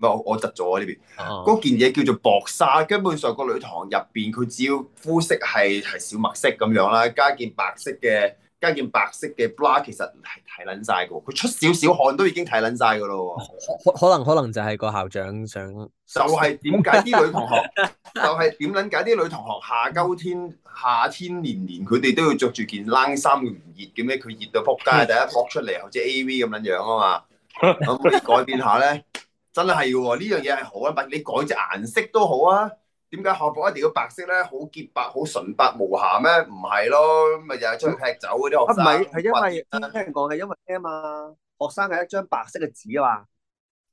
我執咗啊！呢邊嗰件嘢叫做薄紗，根本上個女堂入邊，佢只要膚色係係小麥色咁樣啦，加件白色嘅加件白色嘅 bra，其實係睇撚晒嘅喎。佢出少少汗都已經睇撚晒嘅咯喎。可能可能就係個校長想，就係點解啲女同學， [laughs] 就係點撚解啲女同學夏秋天夏天年年佢哋都要着住件冷衫，唔熱嘅咩？佢熱到撲街，第一撲出嚟好似 A.V. 咁樣樣啊嘛。咁可以改變下咧。 [laughs] 真係係喎，呢樣嘢係好啊，白你改隻顏色都好啊。點解校服一定要白色咧？好潔白、好純白無瑕咩？唔係咯，咪又係出去劈酒嗰啲學生。唔係、啊，係因為者聽人講係因為咩啊嘛？學生係一張白色嘅紙啊嘛。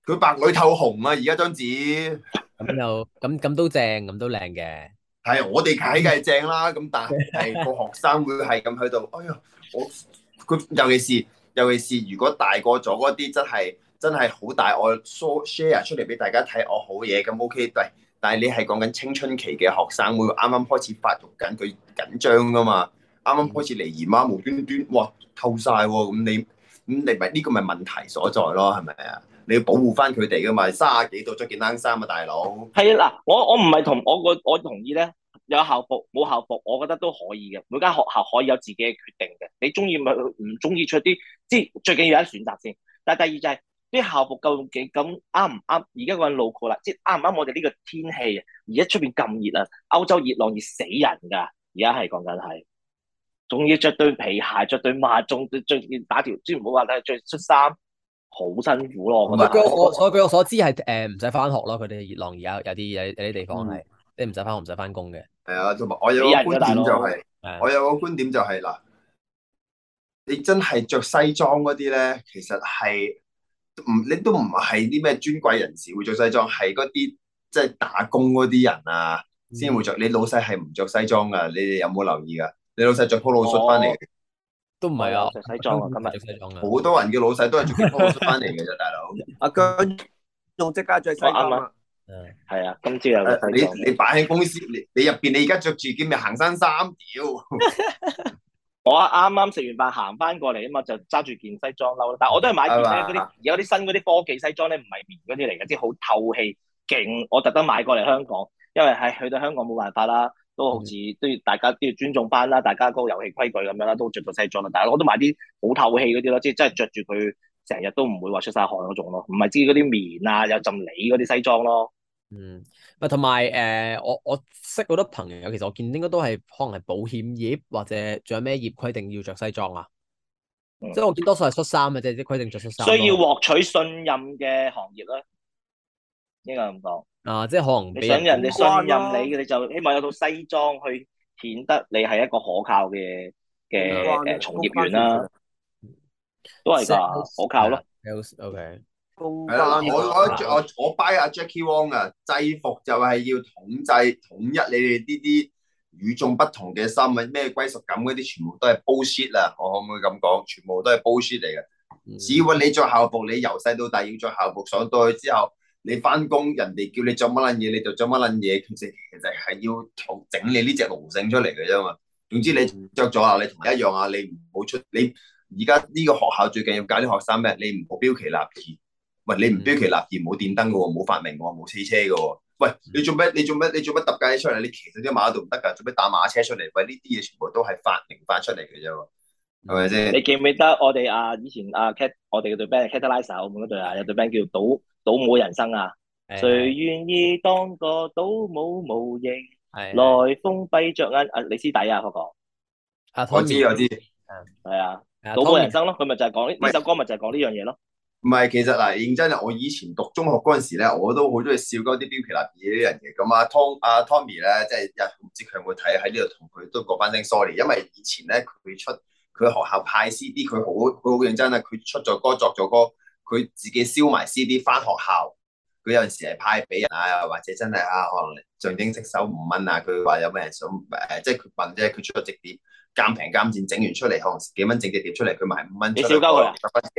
佢白裏透紅啊！而家張紙咁又咁咁都正，咁都靚嘅。係 [laughs] [laughs] 我哋睇嘅係正啦，咁但係個學生會係咁喺度。哎呀，我佢尤其是尤其是，尤其是如果大個咗嗰啲真係。真係好大，我 share 出嚟俾大家睇我好嘢咁 OK，但係但係你係講緊青春期嘅學生會，啱啱開始發育緊，佢緊張噶嘛，啱啱開始嚟姨媽啊，無端端哇透晒喎，咁你咁你咪呢個咪問題所在咯，係咪啊？你要保護翻佢哋噶嘛，卅幾度着件冷衫啊，大佬。係啊，嗱，我我唔係同我個我同意咧，有校服冇校服，我覺得都可以嘅，每間學校可以有自己嘅決定嘅，你中意咪唔中意出啲，即係最緊要有得選擇先。但係第二就係。啲校服究竟咁啱唔啱？而家嗰陣路過啦，即係啱唔啱？我哋呢個天氣，而家出面咁熱啊！歐洲熱浪熱死人㗎，而家係講緊係，仲要着對皮鞋，着對襪，仲要要打條，即唔好話啦，着恤衫，好辛苦咯。我，據我所我據我所知係誒唔使返學咯，佢哋熱浪而家有啲有啲地方係，你唔使返學唔使返工嘅。係啊，仲有我有個觀點就係、是，的我有個觀點就係、是、嗱，你真係着西裝嗰啲咧，其實係。唔，你都唔係啲咩尊貴人士會着西裝，係嗰啲即係打工嗰啲人啊，先會着。你老細係唔着西裝噶？你哋有冇留意噶？你老細著 polo 恤翻嚟，都唔係啊，着天西裝啊，今日着西裝啊，好多人嘅老細都係著件 polo 恤翻嚟嘅啫，大佬。阿姜仲即家着西裝啊？嗯，係啊，今朝有著西，你你擺喺公司，你你入邊，你而家着住件咪行山衫？屌！ [laughs] 我啱啱食完飯行翻過嚟啊嘛，就揸住件西裝褸，但係我都係買件咧啲，有啲新嗰啲科技西裝咧，唔係吧棉嗰啲嚟嘅，即係好透氣勁。我特登買過嚟香港，因為喺、哎、去到香港冇辦法啦，都好似都要大家都要尊重返啦，大家嗰個遊戲規矩咁樣啦，都着咗西裝啦。但係我都買啲好透氣嗰啲咯，即係真係着住佢成日都唔會話出晒汗嗰種咯，唔係知嗰啲棉啊有浸理嗰啲西裝咯。嗯，咪同埋誒，我我識好多朋友，其實我見應該都係可能係保險業或者仲有咩業規定要着西裝啊？嗯、即係我見多數係恤衫嘅，即係規定着恤衫。需要獲取信任嘅行業咧，應該咁講。啊，即係可能。你想人哋信任你嘅，你就希望有套西裝去顯得你係一個可靠嘅嘅誒從業員啦、啊，都係噶，可靠咯、啊。OK。係啦，我我我我 buy 阿 Jacky Wong 啊，制服就係要統制、統一你哋呢啲與眾不同嘅衫啊，咩歸屬感啲，全部都係 bullshit 啊！我可唔可以咁講？全部都係 bullshit 嚟嘅。只要你着校服，你由細到大要着校服上到去之後，你翻工人哋叫你着乜捻嘢你就着乜捻嘢，其實其實係要整你呢隻奴性出嚟嘅啫嘛。總之你着咗啦，你同我一樣啊，你唔好出你而家呢個學校最近要教啲學生咩？你唔好標奇立異。喂，你唔標其立業冇電燈嘅喎，冇發明喎，冇汽車嘅喎。喂，你做咩？你做咩？你做乜？揼街出嚟你騎嗰啲馬都唔得噶，做咩？打馬車出嚟？喂，呢啲嘢全部都係發明翻出嚟嘅啫，係咪先？你記唔記得我哋啊？以前啊，我哋嘅隊 band Catalyst 啊，我哋嗰隊啊，有隊 band 叫做《賭賭舞人生》啊。啊誰願意當個「賭舞模型」啊？係來風閉着眼啊，啊！你師弟啊，哥、那、哥、個 Atomy。我知我知。係啊，賭舞人生咯，佢咪就係講呢？是首歌咪就係講呢樣嘢咯。唔係，其實嗱，認真啊！我以前讀中學嗰陣時咧，我都好中意笑嗰啲標皮立字呢啲人嘅。咁阿 Tom 阿 Tommy 咧，即係阿吳志強會睇喺呢度，同佢都講翻聲 sorry，因為以前咧，佢出佢學校派 CD，佢好佢好認真啦，佢出咗歌作咗歌，佢自己燒埋 CD 翻學校。佢有陣時係派俾人啊，或者真係啊，可能上證識手五蚊啊。佢話有咩人想誒、呃，即係佢問啫。佢出咗直碟，監平監賤，整完出嚟可能幾蚊整隻碟出嚟，佢賣五蚊。你少交佢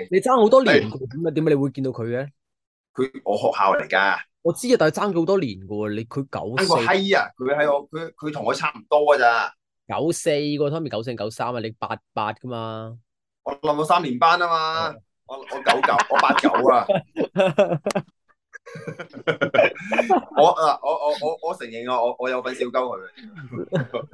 你爭好多年，點解點啊，你會見到佢嘅？佢我學校嚟㗎。我知啊，但係爭咗好多年嘅喎。你佢九個閪啊！佢喺、哎、我，佢佢同我差唔多㗎咋？九四個 Tom 九四九三啊，你八八㗎嘛？我諗我三年班啊嘛， [laughs] 我我九九我八九啊。 [laughs] [laughs] [laughs] 我嗱，我我我我承認啊，我我有份小鳩佢，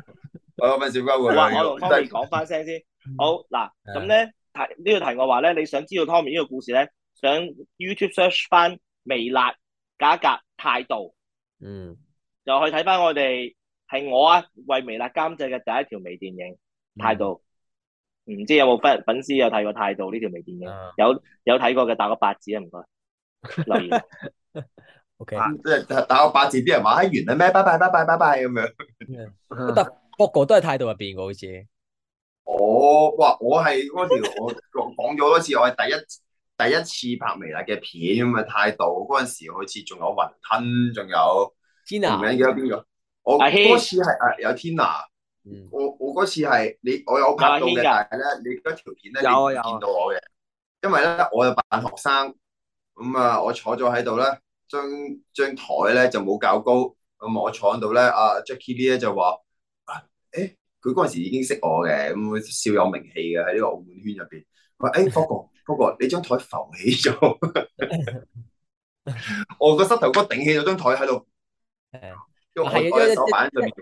我有份小鳩佢。我同 Tommy 講翻聲先，嗯、好嗱，咁咧題呢個題我話咧，你想知道 Tommy 呢個故事咧，想 YouTube search 翻微辣加格態度，嗯，又去睇翻我哋係我啊為微辣監製嘅第一條微電影態度，唔知有冇粉粉絲有睇過態度呢條微電影，嗯、有有睇過嘅打、這個八字啊，唔該留言。 [laughs] [laughs] O K，即係打個八字，啲人話喺完啦咩，拜拜，拜拜，拜拜。咁樣，不過都係態度入邊嘅，好似我哇，我係嗰時我講咗多次，我係第一第一次拍微辣嘅片咁嘅態度，嗰陣時好似仲有雲吞，仲有天 i n 記得邊個？我嗰次係誒有天 i 我我嗰次係你我有拍到嘅，但係咧你嗰條片咧你見到我嘅，因為咧我又扮學生咁啊，我坐咗喺度咧。張張台咧就冇搞高，咁我坐喺度咧，阿 Jackie B 咧就話，誒，佢嗰陣時已經識我嘅。咁、嗯、少有名氣嘅喺呢個澳門圈入邊。話，誒、欸，哥哥，哥哥，你張台浮起咗，我個膝頭哥頂起咗張台喺度，上啊、手面因係，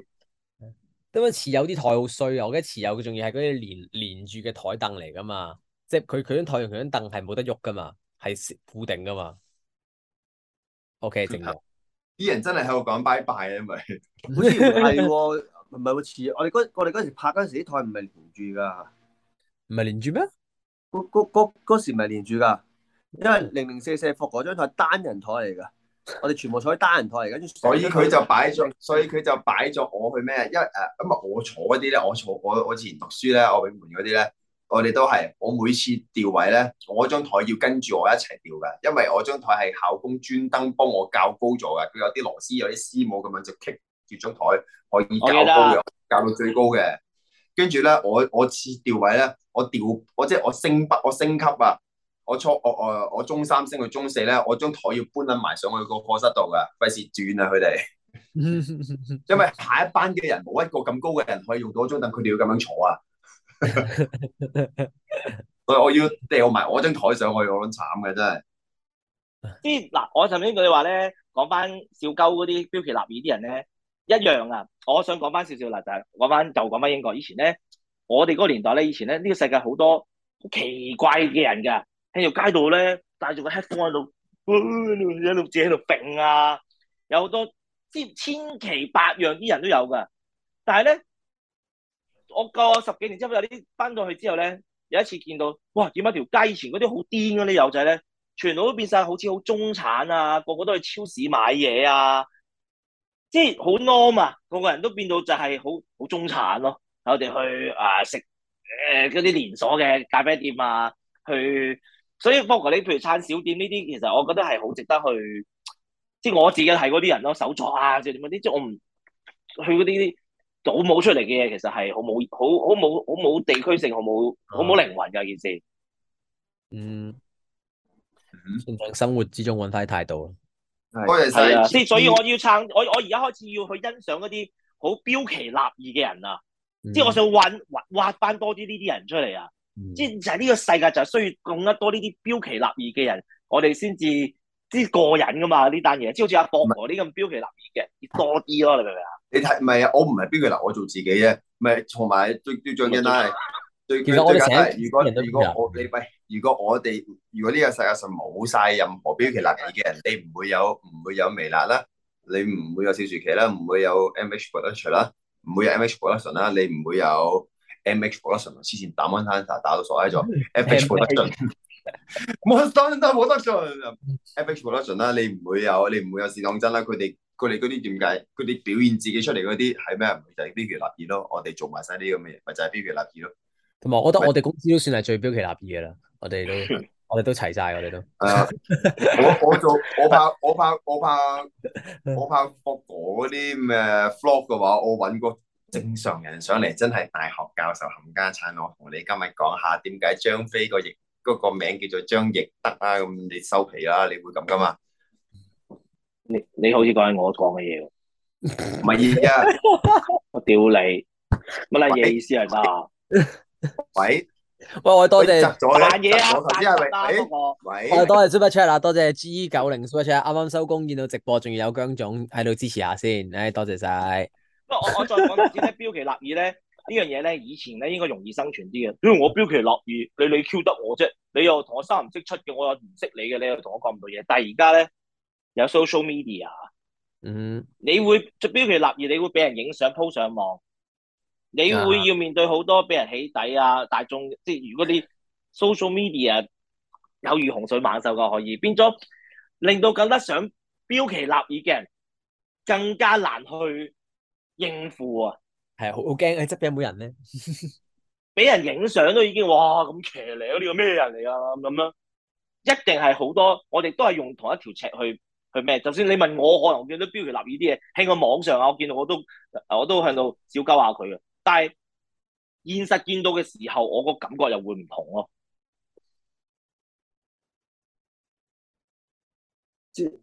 因為持有啲台好衰啊，我而得持有嘅仲要係嗰啲連連住嘅台凳嚟噶嘛，即係佢佢張台同佢張凳係冇得喐噶嘛，係固定噶嘛。O.K.，正嘅，啲人真係喺度講拜拜啊，因為好似唔係喎，唔係好似，我哋嗰我哋嗰時拍嗰時啲台唔係連住噶，唔係連住咩？嗰嗰時唔係連住噶，因為零零四四課嗰張台單人台嚟噶，我哋全部坐喺單人台嚟嘅，所以佢就擺咗，所以佢就擺咗我去咩？因為誒咁啊，我坐嗰啲咧，我坐我我之前讀書咧，我永門嗰啲咧。我哋都係，我每次調位咧，我張台要跟住我一齊調噶，因為我張台係校工專登幫我校高咗噶，佢有啲螺絲有啲絲母咁樣就棘住張台，可以校高咗，校到最高嘅。跟住咧，我我次調位咧，我調我即係我升不我升級啊，我初我我我中三升去中四咧，我張台要搬緊埋上去個課室度噶，費事轉啊佢哋， [laughs] [laughs] 因為下一班嘅人冇一個咁高嘅人可以用到張凳，佢哋要咁樣坐啊。所 [laughs] 我要掉埋我張台上去，我諗慘嘅真係。啲嗱、啊，我頭先佢哋話咧，講翻小鳩嗰啲標奇立異啲人咧，一樣啊。我想講翻少少嗱，就講、係、翻就講翻英國以前咧，我哋嗰個年代咧，以前咧呢、呢個世界好多奇怪嘅人噶，喺條街度咧帶住個 headphone 喺度，有六字喺度并啊，有好多千千奇百樣啲人都有噶，但係咧。我過十幾年之後有啲翻到去之後咧，有一次見到哇，點解條街以前嗰啲好癲嗰啲友仔咧，全部都變晒，好似好中產啊，個個都去超市買嘢啊，即係好 normal，個個人都變到就係好好中產咯。我哋去誒、啊、食誒嗰啲連鎖嘅咖啡店啊，去所以包括你譬如餐小店呢啲，其實我覺得係好值得去。即係我自己係嗰啲人咯，手作啊，即係點啊啲，即係我唔去嗰啲，倒冇出嚟嘅嘢，其實係好冇好好冇好冇地區性，好冇好冇靈魂㗎件事。嗯，喺生活之中揾翻啲態度啊。係係啊，即所以我要撐我我而家開始要去欣賞嗰啲好標奇立異嘅人啊！嗯、即係我想揾挖挖翻多啲呢啲人出嚟啊！嗯、即係就係呢個世界就係需要用得多呢啲標奇立異嘅人，我哋先至，知過癮噶嘛，呢單嘢，即好似阿博哥呢咁標奇立異嘅，要多啲咯，你明唔明啊？你睇唔係啊？我唔係標奇立異做自己啫，唔係同埋，最最最緊要係最緊要如果如果我你喂，如果我哋如果呢個世界上冇晒任何標奇立異嘅人，你唔會有唔會有微辣啦，你唔會有小薯茄啦，唔會有 M H production 啦，唔會有 M H production 啦，你唔會有 M H production，之前打 monster 打到傻閪咗，M H production。冇得信冇得信啦，FX production 啦，你唔會有，你唔會有事。講真啦，佢哋佢哋嗰啲點解？佢哋表現自己出嚟嗰啲係咩？咪就係標奇立異咯。我哋做埋晒啲咁嘅嘢，咪就係標奇立異咯。同埋我覺得我哋公司都算係最標奇立異嘅啦。我哋都 [laughs] 我哋都齊晒，我哋都。 [laughs] [laughs] 我我做我怕我怕我怕我怕播嗰啲咩 flog 嘅話，我搵個正常人上嚟，真係大學教授冚家鏟。我同你今日講下點解張飛個翼。嗰個名叫做張翼德啊，咁你收皮啦，你會咁噶嘛？你你好似講緊我講嘅嘢喎，唔係啊，我屌你，乜撚嘢意思嚟㗎？喂，喂，我多謝扮嘢啊！我頭先係嚟，誒，我多謝 Super Chat 啦，多謝 G 九零 Super Chat，啱啱收工見到直播，仲要有姜總喺度支持下先，誒，多謝晒。我我再講一次咧，標奇立異咧。樣呢樣嘢咧，以前咧應該容易生存啲嘅。比如我標奇立異，你你 Q 得我啫，你又同我三唔識出嘅，我又唔識你嘅，你又同我講唔到嘢。但係而家咧有 social media，嗯，你會標奇立異，你會俾人影相 po 上網，你會要面對好多俾人起底啊，大眾、啊、即係如果你 social media 有如洪水猛獸咁可以，變咗令到更加想標奇立異嘅人更加難去應付啊！係好驚，即係俾人咧，俾人影相都已經哇，咁騎呢？呢個咩人嚟啊咁樣？一定係好多，我哋都係用同一條尺去去咩？就算你問我，我可能見到標奇立異啲嘢喺個網上啊，我見到我都我都向度小交下佢嘅。但係現實見到嘅時候，我個感覺又會唔同咯，啊。 [music]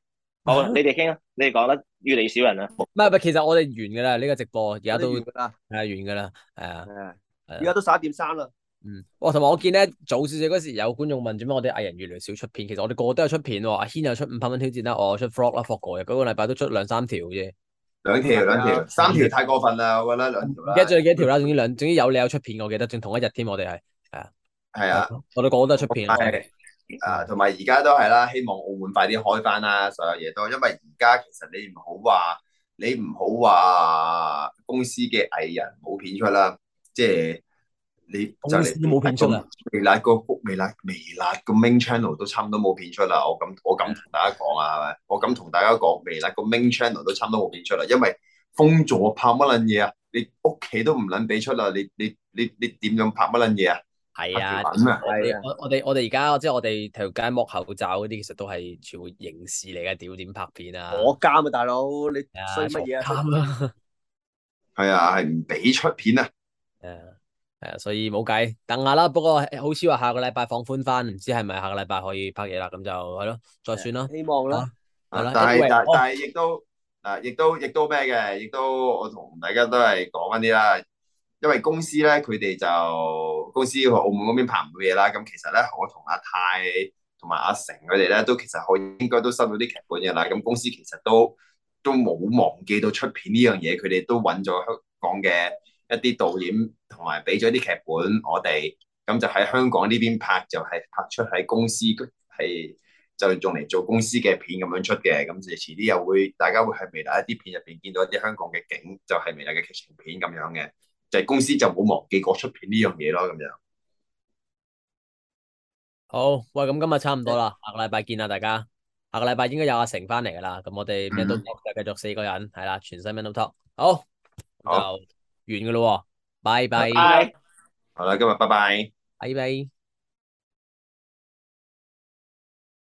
好，你哋傾啊，你哋講得越嚟越少人啦。唔係，唔係，其實我哋完噶啦，呢個直播，而家都啦，係完噶啦，係啊。而家都十一點三啦。嗯，哇，同埋我見咧早少少嗰時有觀眾問，做咩我哋藝人越嚟越少出片？其實我哋個個都有出片喎，阿軒又出五百蚊挑戰啦，我出 frog 啦 f o g 過嘅，嗰個禮拜都出兩三條啫。兩條，兩條，三條太過分啦，我覺得兩條啦。仲有幾多條啦？總之兩，總之有你有出片，我記得，仲同一日添，我哋係，係啊，係啊，我哋個個都係出片啊，同埋而家都係啦，希望澳門快啲開返啦，所有嘢都，因為而家其實你唔好話，你唔好話公司嘅藝人冇片出啦，即係你就嚟都冇片出啦，微辣個谷微辣，微辣個 main channel 都差唔多冇片出啦，我敢，我敢同大家講啊，係咪？我敢同大家講，微辣個 main channel 都差唔多冇片出啦，因為封咗拍乜撚嘢啊？你屋企都唔撚俾出啦，你你你你點樣拍乜撚嘢啊？係啊，啊我我哋我哋而家即係我哋條街摸口罩嗰啲，其實都係全部刑事嚟嘅，屌點拍片啊？我監啊，大佬，你衰乜嘢啊？慘啦，係 [laughs] 啊，係唔俾出片啊，係係 [laughs] 啊，所以冇計，等下啦。不過好似話下個禮拜放寬翻，唔知係咪下個禮拜可以拍嘢啦？咁就係咯，就是，再算咯。希望啦，係、啊、啦，但係但係亦都啊，亦 anyway,、啊、都亦都咩嘅，亦都，都，都，都，都我同大家都係講翻啲啦。因為公司咧，佢哋就公司去澳門嗰邊拍唔到嘢啦。咁其實咧，我同阿泰同埋阿成佢哋咧，都其實可應該都收到啲劇本嘅啦。咁公司其實都都冇忘記到出片呢樣嘢，佢哋都揾咗香港嘅一啲導演，同埋俾咗啲劇本我哋。咁就喺香港呢邊拍，就係拍出喺公司，係就用嚟做公司嘅片咁樣出嘅。咁就遲啲又會大家會喺未來一啲片入邊見到一啲香港嘅景，就係未來嘅劇情片咁樣嘅。就係公司就冇忘記過出片呢樣嘢咯，咁樣好喂，咁今日差唔多啦，下個禮拜見啦，大家下個禮拜應該有阿成翻嚟噶啦，咁我哋咩都就繼續四個人係啦，全新咩都 talk 好就完噶啦，拜拜，好啦，今日拜拜，拜拜。